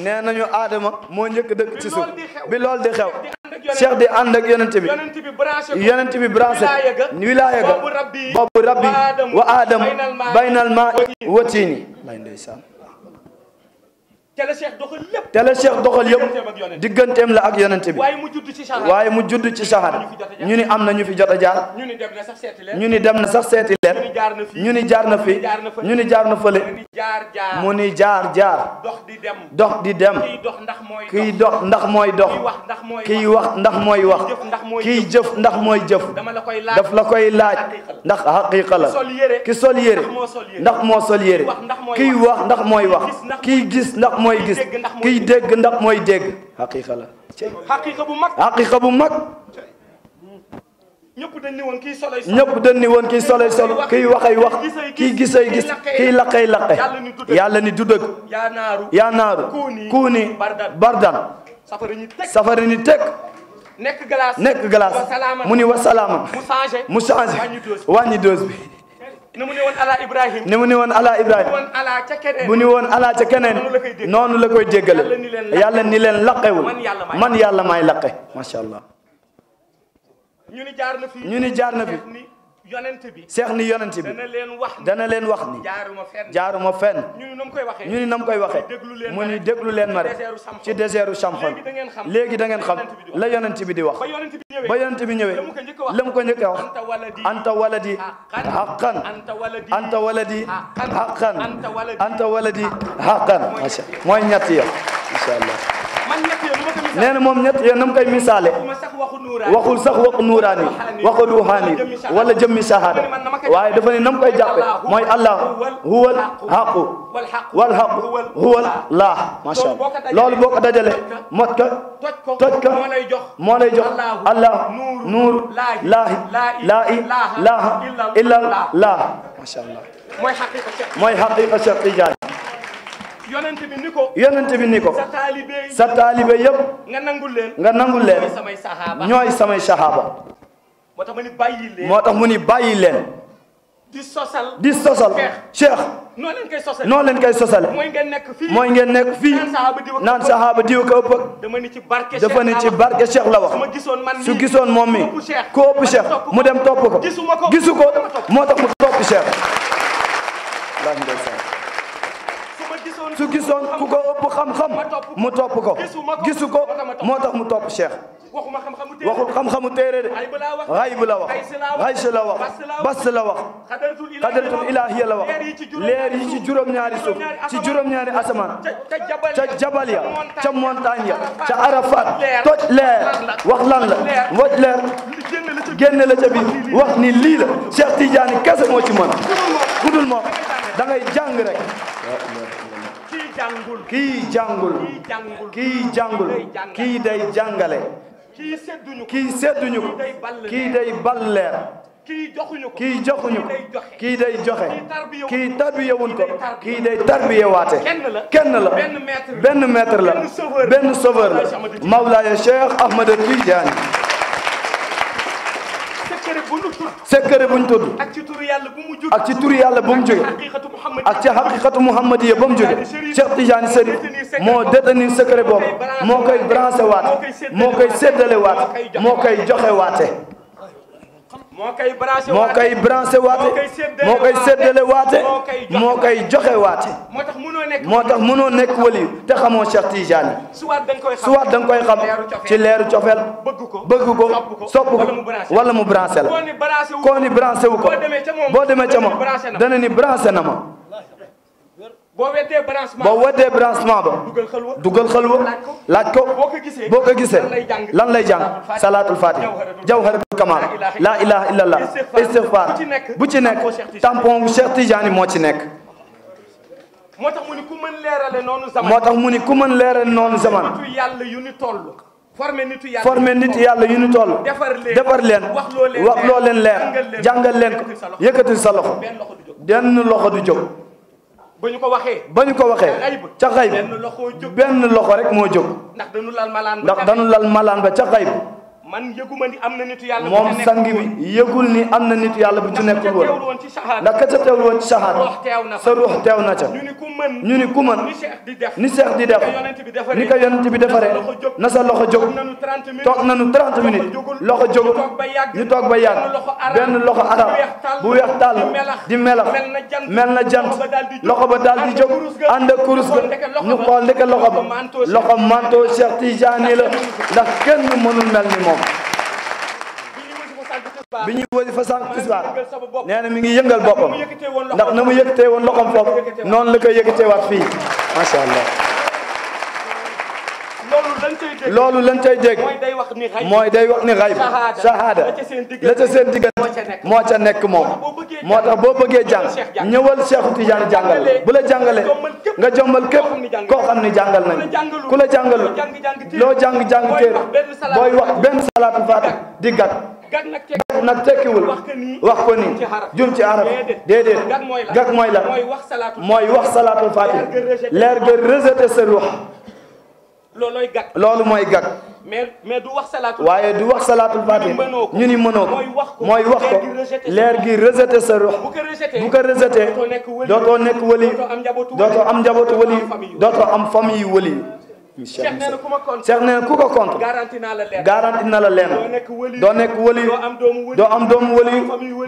Speaker 1: nee nañu aadama moo njëkk dëkk ci suuf bi loolu di xew cheikh di ànd ak yonent bi yonent bi branché wilaaya ga boobu rabbi wa aadam baynal maa wa tiini lay ndeysaan te la Cheikh doxal lépp te la Cheikh doxal yëpp digganteem la ak yonent bi waaye mu judd ci saxaar waaye mu ñu ni am na ñu fi jot a jaar ñu ni dem na sax seeti leen ñu ni dem na sax seeti leen ñu ni jaar na fi ñu ni jaar na fële mu ni jaar jaar dox di dem dox di dem kiy dox ndax mooy dox kiy wax ndax mooy wax kiy jëf ndax mooy jëf daf la koy laaj ndax xaqiqa la ki sol yére ndax moo sol yére kiy wax ndax mooy wax kiy gis ndax mooy mooy gis kiy dégg ndax mooy dégg xaqiqa la. xaqiqa bu mag xaqiqa bu mag. ñëpp dañ ni woon kiy solay sol ñëpp dañ ni woon kiy solay sol kiy waxay wax kiy gisay gis kiy laqay laqe yàlla ni du ya yaa naaru kuuni bardan safara ni teg nekk glace nekk glace mu ni wa mu changé wàññi dose ni mu ne woon ala Ibrahim ni mu ne woon ala Ibrahim bu ni woon ala ca keneen noonu la koy jéggale yàlla ni leen laqewul man yàlla maay laqe macha allah ñu ni jaar na fi yonent bi seex ni yonent bi dana leen wax dana leen wax ni jaaruma fenn jaaruma fenn ñu ni nam koy waxee ñu ni nam koy waxee mu ni déglu leen ma rek ci désertu Samxon léegi da ngeen xam la yonent bi di wax ba yonent bi ñëwee la mu ko njëkk a wax anta waladi haqqan anta waladi haqqan anta waladi haqqan mooy ñett yow incha allah nee na moom ñett yéen na mu koy misaale waxul sax waxu nuuraani waxu ruuxaani wala jëmmi shahada waaye dafa ne na mu koy jàppe mooy allah huwal haqu wal haqu huwal laah macha allah loolu boo ko dajale mot ka toj ka moo lay jox allah nuur laahi laahi laaha illal laah macha allah mooy xaqiqa Cheikh Tidiane yonent bi ni ko yonent bi ni ko sa taalibe yëpp nga nangul leen nga nangul leen ñooy samay saxaaba moo tax mu ni bàyyi leen moo tax mu ni bàyyi leen di sosal di sosal cheikh noo leen koy sosal noo leen koy sosal mooy ngeen nekk fii mooy ngeen nekk fii naan saxaaba diw ko ëpp dama ni ci barke dafa ni ci barke cheikh la wax su gisoon moom mi ko ëpp cheikh mu dem topp ko gisu ko moo tax mu topp cheikh su gisoon ku ko ëpp xam-xam mu topp ko gisu ko moo tax mu topp Cheikh waxul xam-xamu téere de xayb la wax xaysa la wax bas la wax xadratul ilahiya la wax leer yi ci juróom-ñaari suuf ci juróom-ñaari asamaan ca jabal ya ca montagne ya ca arafat toj leer wax lan la woj leer génne la ca biir wax ni lii la Cheikh Tidiane kese moo ci mën ku dul da ngay jàng rek jàngul kii jàngul kii jàngul kii day jàngale kii sedduñu kii sedduñu kii day balleer kii joxuñu ko kii joxuñu ko kii day joxe kii tarbiyewuñ ko kii day tarbiyewaate kenn la benn maître la benn sauveur la Mawlaaya Cheikh Ahmada Tidiane secret buñ tudd ak ci turu yàlla bu mu ak ci turu yàlla bu mu jóge ak ci xaqiqatu muhammadiya ba mu jóge Cheikh Tidiane Chérif moo détenir secret boobu moo koy branché waat moo koy séddale waat moo koy joxe waate moo koy branché waate moo koy branché waate moo koy séddale waate moo koy joxe waate moo tax mënoo nekk moo tax mënoo nekk wali te xamoo Cheikh Tidiane suwaat da nga koy suwaat da nga koy xam ci leeru cofeel bëgg ko bëgg ko sopp wala mu branché la koo ni branché wu ko boo demee ca moom dana ni branché na ma boo weddee branchement boo weddee branchement ba dugal xalwa laaj ko boo ko gisee lan lay jàng salaatul fatiha jawharatul kamal laa ilaha illallah istighfar bu ci nekk tampon bu Cheikh Tidiane moo ci nekk moo tax mu ni ku mën leeral noonu zaman moo tax mu ni ku mën leerale noonu zaman yàlla yu ni toll formé nit yàlla formé nit yàlla yu ñu toll. defar leen wax loo leen leer jàngal leen ko yëkkatil sa loxo benn loxo du jóg. ba ñu ko waxee. ba ñu ko waxee ca xayb benn loxo rek moo jóg. ndax dañu lal malaan ba ca xayb man yëguma ni am na nitu yàlla moom sang bi yëgul ni am na nitu yàlla bu ci nekkul woon ndax ka ca teewul woon ci saxaar sa ruux teew na ca ñu ni ku mën ni seex di def ni ko yonent bi defaree na sa loxo jóg toog nañu 30 minutes loxo jógul ñu toog ba yàgg benn loxo arab bu weex tàll di melax mel na jant loxo ba daal di jóg ànd ak kurus ba ñu xool ndeke loxo ba loxo manto Cheikh Tidiane la ndax kenn mënul mel ni moom bi ñuy wëri fa sànq tisbaar nee na mi ngi yëngal boppam ndax na mu yëkkatee woon loxoom foofu noonu la koy yëkkatee waat fii macha allah.
Speaker 2: loolu lañ cay dégg mooy
Speaker 1: day wax ni xayb shahada la ca seen diggante moo ca nekk moom moo tax boo bëggee jàng ñëwal Cheikh Tidiane jàngal bu la jàngalee nga jommal képp koo xam ni jàngal nañ ku la jàngalu loo jàng-jàng téere booy wax benn a faatih di gàtt gàtt nag tekkiwul wax ko nii jum ci arab déedéet gàtt mooy la mooy wax a faatih leer ga a sa ruux loolooy gàkk loolu mooy gàkk. mais mais du wax salaatul waaye du wax salaatul faatih ñu ni mënoo ko mooy wax ko leer gi rejeté sa rox bu ko rejeté dootoo nekk wali dootoo am njabootu wali dootoo am famille wali. incha allah Cheikh nee na ku ma compte Cheikh nee na ko compte garanti na la leen na la leen doo nekk wali doo am doomu wali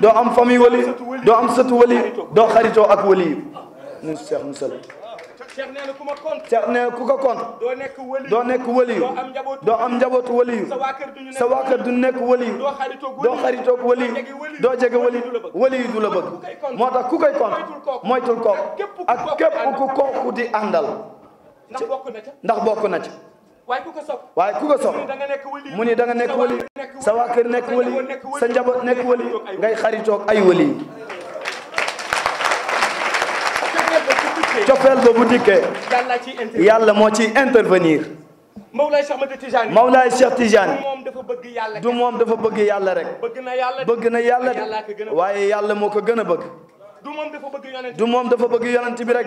Speaker 1: doo am famille wali doo am sëtu wali doo xaritoo ak wali yi. Cheikh nee na ku ma compte. Cheikh nee na ku ko compte. doo nekk waliyu doo nekk waliyu doo am njabootu waliyu sa waa kër du nekk waliyu doo xaritoog waliyu doo jege waliyu waliyu du la bëgg moo tax ku koy compte moytul kooku ak képp ku kooku di àndal ndax bokk na ci. waaye ku ko sopp waaye ku ko sopp mu ni da nga nekk waliyu sa waa kër nekk waliyu sa njaboot nekk waliyu ngay xaritoog ay waliyu cofeel boobu dikkee yàlla moo ci intervenir Mawlaay Cheikh Tijaan Mawlaay Cheikh Tijaan du moom dafa bëgg yàlla rek bëgg na yàlla de waaye yàlla moo ko gën a bëgg du moom dafa bëgg yonent bi rek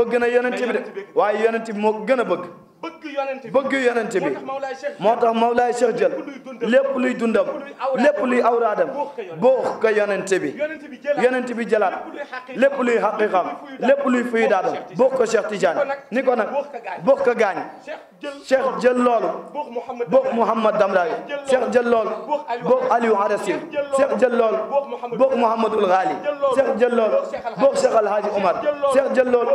Speaker 1: bëgg na yonent bi de waaye yonent bi moo ko gën a bëgg bëgg yonent bi bëgg yonent bi moo tax Mawlaay Cheikh jël lépp luy dundam lépp luy awraadam boox ko yonent bi yonent bi jëlaat lépp luy xaqiqam lépp luy fuyidaadam boox ko Cheikh Tidiane ni ko nag boox ko gaañ Cheikh jël loolu boox Mouhamad Damrawi Cheikh jël loolu boox Aliou Arasi Cheikh jël loolu boox Mouhamadul Ghali Cheikh jël loolu boox Cheikh Alhaji Omar Cheikh jël loolu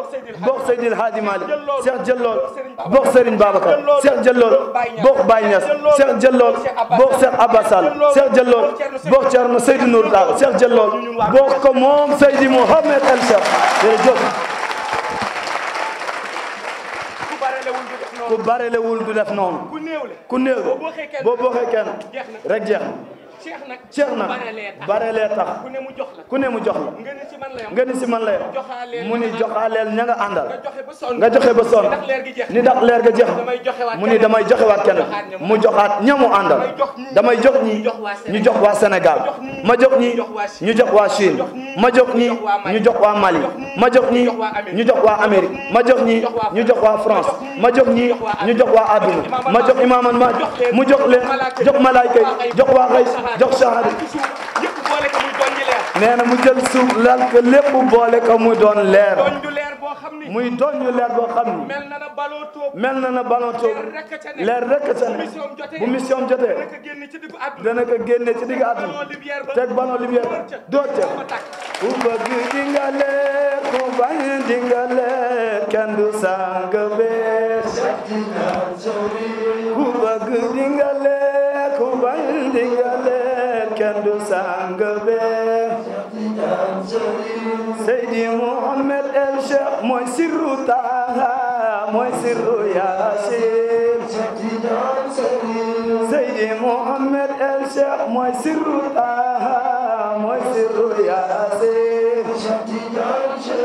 Speaker 1: boox Seydil Haji Malick Cheikh jël loolu bokk Serigne Babacar Cheikh jël lool bokk Baye Niass Cheikh jël lool bokk Cheikh Abba Sall Cheikh jël lool bokk Thierno Seydou ko moom Seydi Mouhamed El Cheikh jërëjëf ku barelewul du def noonu ku néew boo bokkee kenn rek jeex cheikh nag cheikh nag barelee tax ku ne mu jox la ku ne mu jox la nga ni si man la nga ni si man la mu ni joxaaleel ña nga àndal nga joxe ba sonn ni dax leer ga jeex mu ni damay joxewaat kenn mu joxaat ña mu àndal damay jox ñi ñu jox waa Sénégal ma jox ñi ñu jox waa Chine ma jox ñi ñu jox waa Mali ma jox ñi ñu jox waa Amérique ma jox ñi ñu jox waa France ma jox ñi ñu jox waa adduna ma jox imaaman ma mu jox leen jox malaayka yi jox waa xëy jox saxaar boole ko na mu jël suuf lal ko lépp boole ko mu doon leer. doon leer boo xam ni. muy doon ju leer boo xam ni. mel na na baloo tóob. na na baloo tóob. leer rek ca ne bu mission jotee. dana ci digg àdduna. dana ko génne ci digg àdduna. teg banoo lumière ba doo ca. ku bëgg dinga leer ku du sàng bee. ku bëgg dinga leer ku du sàng sang be Seydi Muhammad el Cheikh mooy sirru Taha mooy sirru Yaasin Seydi Muhammad el Cheikh mooy sirru Taha mooy sirru Yaasin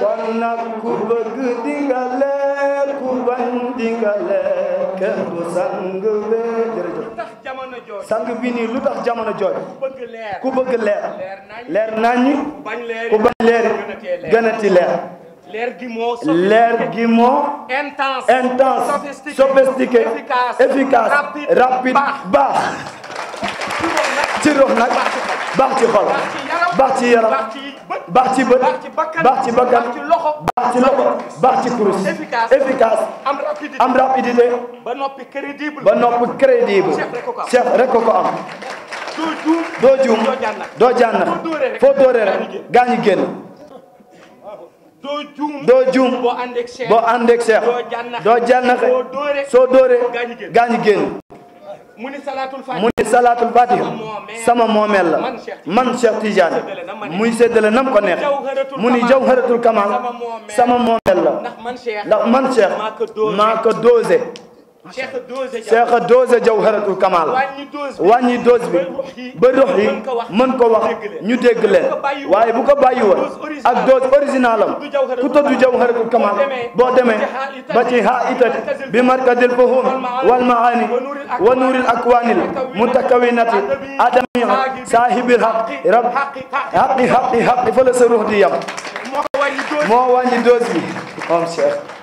Speaker 1: kon nag ku bëgg dinga leen bañ di lu tax jamono jooy ku bëgg leer leer naññi ku bañ leer gën a ti leer leer gi moo intense intense sophistiqué efficace rapide baax ci rox nag baax ci xol baax ci yaram baax ci bët baax ci bakkan baax ci loxo baax ci kurus efficace am rapidité ba noppi crédible chef rek ko ko am doo juum doo jànn foo dóoree rek gaa ñi génn doo juum boo àndeek seex doo jànn soo dóoree gaa ñi mu ni salaatul fatiha sama moomeel la man Cheikh Tidiane muy séddale nam ko neex mu ni jawharatul kamal sama moomeel la ndax man Cheikh maa ko dosé seexa dose jawharatul kamal wàññi dose bi ba dox yi mën ko wax ñu dégg leen waaye bu ko bàyyi woon ak dose originalam ku tudd jawharatul kamal boo demee ba ci ha itati bi markadil fuhum wal maani wa nuuril akwanil mutakawinati adamiha saahibil haq rab haqi haqi haqi fa la sa ruux di yam moo wàññi dose bi moom cheikh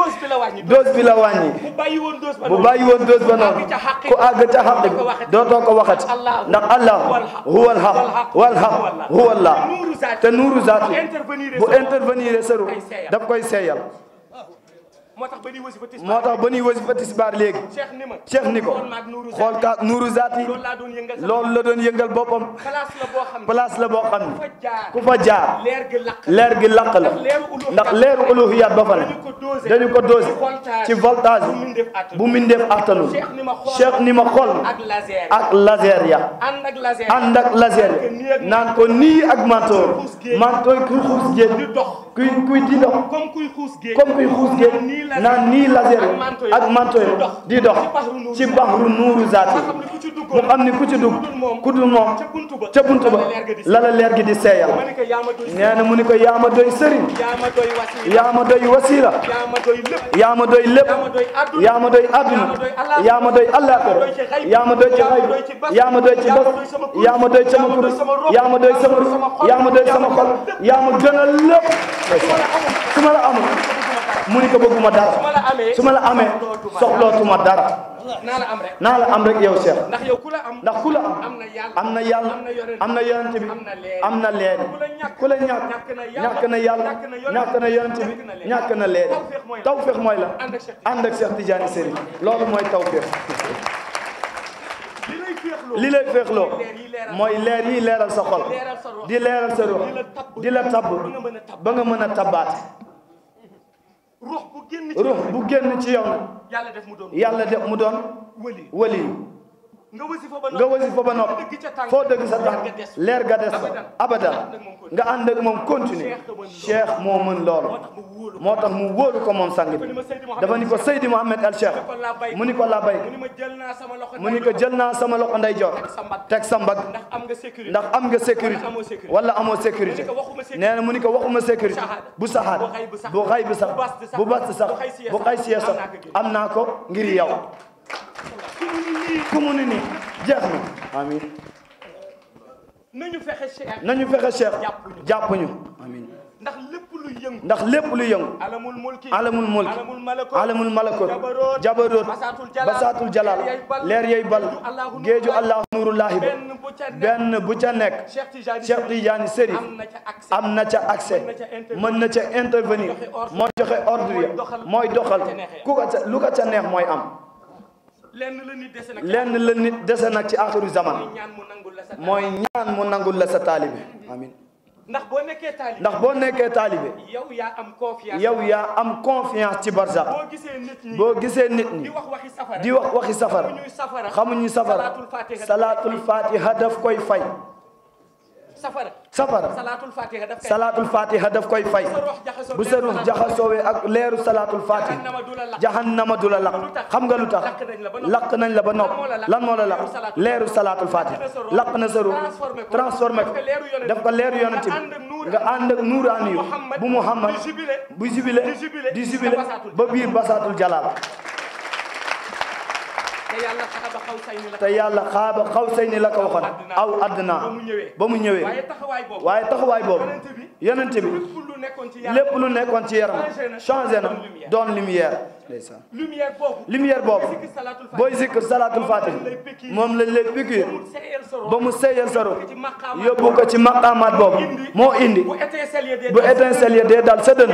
Speaker 1: dose bi la wàññi. dose bi la wàññi. bu bàyyi woon dose ba noonu bu bàyyi woon dose ba noonu ku àgg ca xaq bi dootoo ko waxati ndax allah huwal xaq wal xaq huwallah te nuuru zaati bu intervenir sëru daf koy seeyal. moo tax ba ñuy wasifa tisbaar léegi cheikh ni ko xool ka nuuru zaati loolu la doon yëngal boppam place la boo xam ne ku fa jaar leer gi làq la ndax leeru uluhiyaat ba fa ne ko dosé ci voltage bu min def attanul cheikh ni ma xool ak laser ya ànd ak laser ya naan ko nii ak mantoor mantoor kuy xuus géej kuy di dox comme kuy xuus géej naan nii laser ak manto di dox ci baxru nuuru zaati mu xam ni ku ci dugg ku dul moom ca buntu la la leer gi di seeyal nee na mu ni ko yaa ma doy sëriñ yaa ma doy wasiila yaa ma doy lépp yaa ma doy adduna yaa ma doy àllaaxira yaa ma doy ci xayb yaa ma doy ci bés yaa ma doy sama kur yaa ma doy sama ru yaa ma doy sama xol yaa ma la amul mu ni ka ko bëgguma dara su ma la amee soxlootuma dara naa la am rek yow Cheikh ndax ku la am am na yàlla am na yonent bi am na leen ku la ñàkk ñàkk na yàlla ñàkk na yonent bi ñàkk na leen tawféex mooy la ànd ak Cheikh Tidiane Serigne loolu mooy tawféex li lay féexloo mooy leer yi leeral sa xol di leeral sa ruux di la tabb ba nga mën a tabbaate ruux bu génn ci yow nag yàlla def mu doon wëli nga wasifa ba nopp foo dëgg sa tànk leer ga des fa abadan nga ànd ak moom continue cheikh moo mën loolu moo tax mu wóolu ko moom sang bi dafa ni ko Seydi Mouhamed al Cheikh mu ni ko la bay mu ni ko jël naa sama loxo nday jor teg sa mbagg ndax am nga sécurité wala amoo sécurité nee na mu ni ko waxuma sécurité bu saxaat bu xay bi sax bu bast sax bu xay siye sax am naa ko ngir yow ku mu ni nii jeex na nañu fexe Cheikh nañu fexe Cheikh jàpp ñu ndax lépp lu yëngu ndax lépp luy yëngu alamul mulki alamul mulki alamul malakot jabaroot basaatul jalal leer yey bal géeju allah nurullahi ba bu ca nekk Cheikh Tidiane Seri am na ca accès mën na ca intervenir mooy joxe ordre ya mooy doxal ku ko ca lu ko ca neex mooy am lenn la nit dese nag ci axiru zaman mooy ñaan mu nangul la sa taalibe amin ndax boo nekkee taalibe ndax boo nekkee taalibe yow yaa am confiance yow yaa am confiance ci barsax boo gisee nit ñi di wax waxi safara xamuñu safara salaatul fatiha daf koy fay safara safara salaatul fatiha daf koy salaatul fatiha daf koy fay bu sa ruux jaxasoowee ak leeru salaatul fatiha jahannama du la lakk xam nga lu tax lakk nañ la ba nopp lan moo la lakk leeru salaatul fatiha lakk na sa ruux transformé ko daf ko leeru yonent bi nga ànd ak nuuraani yu bu muhammad bu jubile di jubile ba biir basaatul jalaal te yàlla xaaba xaw say ni la ko waxoon aw àddina ba mu ñëwee waaye taxawaay boobu yonente bi lépp lu nekkoon ci yaram changé na doon lumière ndeysaan lumière boobu lumière boobu booy zikr salaatul fatih moom lañ lay piqûre ba mu seeyal sa ruux yóbbu ko ci maqaamaat boobu moo indi bu étincelle ya dee daal sa dënn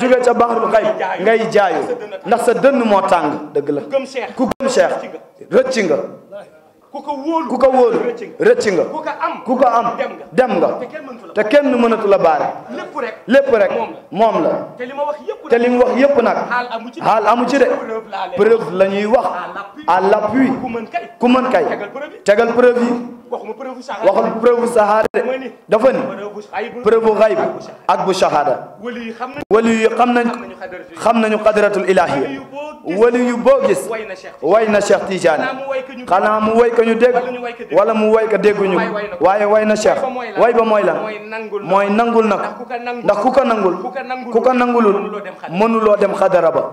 Speaker 1: jóge ca baxarul xay ngay jaayu ndax sa dënn moo tàng dëgg la ku gëm cheikh rëcc nga ku ko wóolu ku ko wóolu rëcc nga ku ko am dem nga te kenn mënatu la baare lépp rek moom la te li mu wax yépp nag xaal amu ci de preuve la ñuy wax à l'appui ku mën kay tegal preuve yi waxuma preuve saxaada waxul preuve saxaada dafa ni preuve xayb ak bu saxaada wali yu xam nañ xam nañu xadratul ilaahiya wali yu gis way na Cheikh Tidiane xanaa mu way ka ñu dégg wala mu way ka ñu waaye way na Cheikh way ba mooy lan mooy nangul nag ndax ku ko nangul ku ko nangulul mënuloo dem xadara ba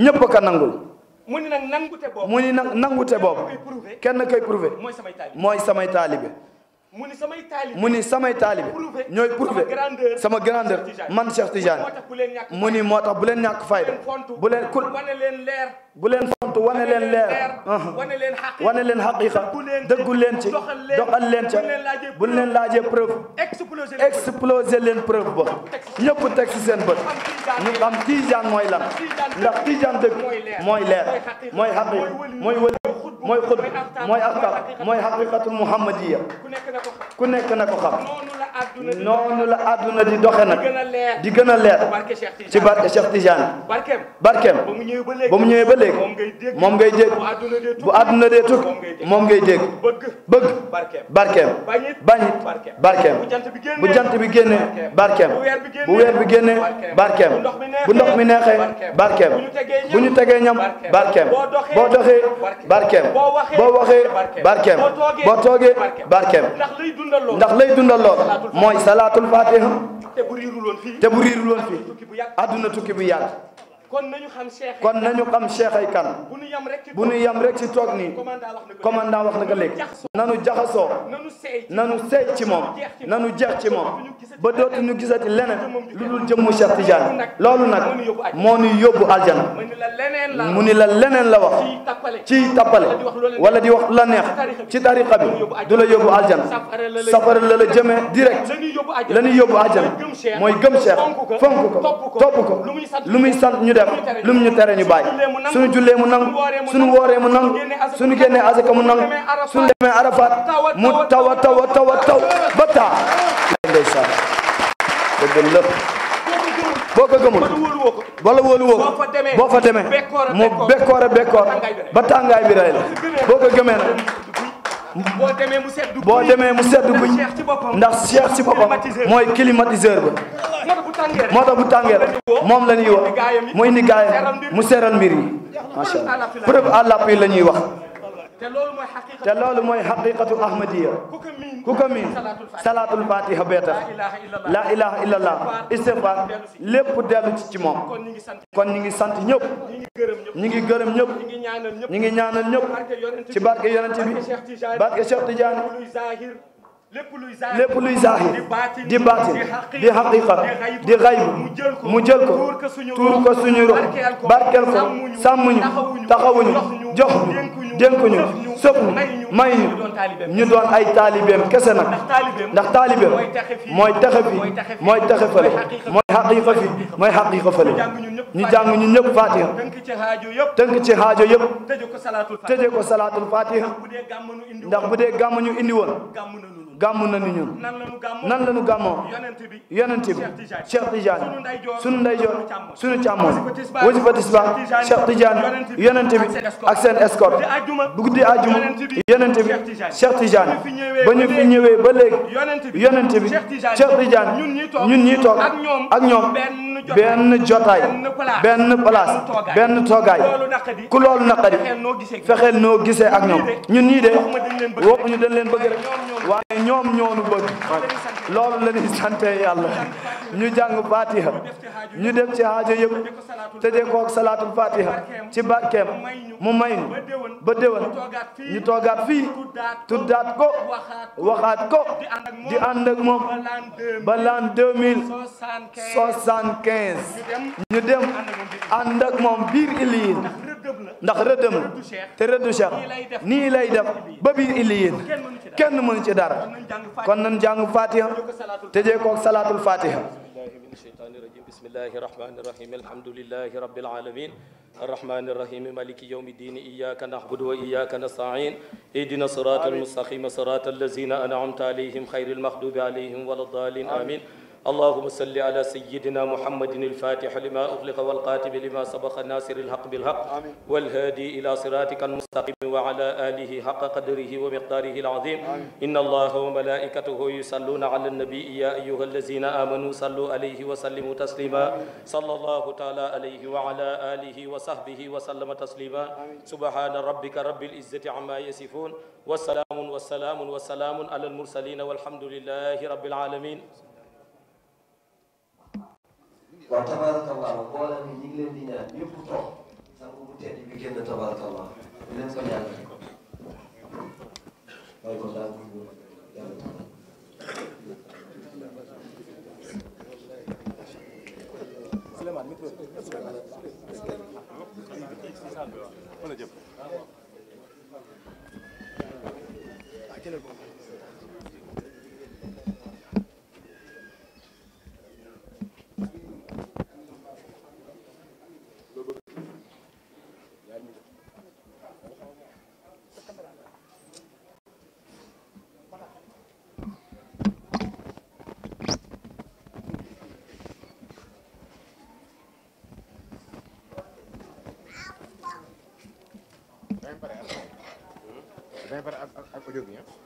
Speaker 1: ñëpp ka nangul mu ni nag nangute boobu
Speaker 2: mu nag nangute
Speaker 1: boobu kenn koy prouvé mooy samay taalibe mu ni samay taalibe mu ni samay taalibe ñooy prouver sama grandeur man Cheikh Tidiane mu ni moo tax bu leen ñàkk fayda bu leen ku bu leen fontu wane leen leer wane leen xaqiqa dëggu leen ci doxal leen ca bu leen laajee preuve exploser leen preuve ba ñëpp teg ci seen bët ñu xam Tidiane mooy lan ndax Tidiane dëgg mooy leer mooy xaqiqa mooy wël mooy xut mooy afkar mooy xaqiqatul muhammadiya ku nekk na ko xam noonu la àdduna di doxe nag di gën a leer ci barke Cheikh Tidiane barkeem ba mu ñëwee ba léegi moom ngay dégg bu àdduna dee tukk moom ngay dégg bëgg barkeem bañit barkeem bu jant bi génnee barkeem bu weer bi génnee barkeem bu ndox mi neexee barkeem bu ñu tegee ñam barkeem boo doxee barkeem boo waxee barkeem boo toogee barkeem ndax lay dundal lool mooy salaatul fatiha te bu riirul woon fii àdduna tukki bu yàgg kon nañu xam cheikh kon nañu xam ay kan bu ñu yam rek ci bu ñu yam rek ci toog nii commandant wax na ko léegi nanu jaxasoo nanu seej ci moom nanu jeex ci moom ba dootuñu gisati leneen lu dul jëmmu Cheikh Tidiane loolu nag moo ñu yóbbu aljana mu ni la leneen la wax ci tappale wala di wax la neex ci tariqa bi du la yóbbu aljana safara la la jëmee direct la ñuy yóbbu aljana mooy gëm cheikh fonk ko topp ko lu muy sant ñu def def lu mu ñu tere ñu bàyyi suñu jullee mu nangu suñu wooree mu nangu suñu génnee asaka mu nangu suñu demee Arafat mu tawa a tawa taw ba taa lay ndeysaan dëgg lépp boo ko gëmul wala wóolu woo ko boo fa demee mu bekkoore bekkoor ba tàngaay bi la boo ko nag boo demee mu sedd boo demee mu sedd guy ndax Cheikh ci boppam mooy climatiseur ba moo tax bu tàngee moom la ñuy wax mu indi gaayam mu seeral mbir yi macha allah preuve à l'appui la ñuy wax. te loolu mooy xaqiqatu te loolu mooy xaqiqatu ahmadiya ku ko miin ku ko miin salaatul fatiha bee tax la ilaha illallah istighfar lépp dellu ci ci moom kon ñu ngi sant ñëpp ñu ngi gërëm ñëpp ñu ngi ñaanal ñëpp ci barke yonente bi barke Cheikh Tidiane
Speaker 2: lépp luy zaahir di baatin di xaqiqa di xaybu mu jël ko tuur ko suñu rox barkeel ko sàmmuñu taxawuñu
Speaker 1: jox ñu dénkuñu sopp ñu may ñu ñu doon ay taalibeem kese nag ndax taalibeem mooy taxe fi mooy taxe fale xaqiqa fi mooy xaqiqa fële ñu jàng ñun ñëpp fatiha tënk ci xaajo yëpp tëje ko salaatul fatiha ndax bu dee gàmm indi woon gàmm na ñun nan la ñu gàmmoo yonent bi Cheikh Tidiane sunu ndeyjoor sunu càmmoñ wasifa tisba Cheikh Tidiane yonent bi ak seen escorte bu guddi àjjuma yonent bi Cheikh Tidiane ba ñu fi ñëwee ba léegi yonent bi Cheikh Tidiane ñun ñii toog ak ñoom benn jotaay benn place benn toogaay ku loolu naqari fexeel noo gisee ak ñoom ñun ñii de waxuñu dañ leen bëgg rek waaye ñoom ñoonu bëgg loolu la ñuy sante yàlla ñu jàng fatiha ñu def ci haajo yëpp tëjee kook salaatul fatiha ci barkeem mu may ñu ba déwén ñu toogaat fii tuddaat ko waxaat ko
Speaker 2: di ànd ak moom
Speaker 1: ba l'an deux mille soixante quinze ñu dem ànd ak moom biir illiyin ndax rëddëm la te rëddu cheikh nii lay def ba biir illiyin kenn mënu ci dara
Speaker 2: kon nan jàng fatiha tëjee kook salaatul fatiha billahi min asheytaani irajim
Speaker 1: bismillahi irrahmani irrahim alhamdulilahi rabilalamin arrahmani irrahimi maliki yawmi ddiini iyaka nahbudu wa iyaka nastain ihdina sirata almustaqima sirata allazina anamta alayhim xayri almaxdubi alayhim wala dalin amin اللهم صل على سيدنا محمد الفاتح لما أغلق والقاتم لما سبق الناصر الحق بالحق والهادي إلى صراطك المستقيم وعلى آله حق قدره ومقداره العظيم إن الله وملائكته يصلون على النبي يا أيها الذين آمنوا صلوا عليه وسلموا تسليما صلى الله تعالى عليه وعلى آله وصحبه وسلم تسليما سبحان ربك رب العزة عما يصفون والسلام والسلام والسلام على المرسلين والحمد لله رب العالمين
Speaker 2: waaw tabarakallahu mboolem yi ñu ngi leen di ñaan ñëpp toog sangu bu tedd bi génn tabarakallahu di leen ko ñaan
Speaker 1: waaye kon daal bu yàlla taxaw Souleymane micro wala ah, jëm ah, par ak pare ak audio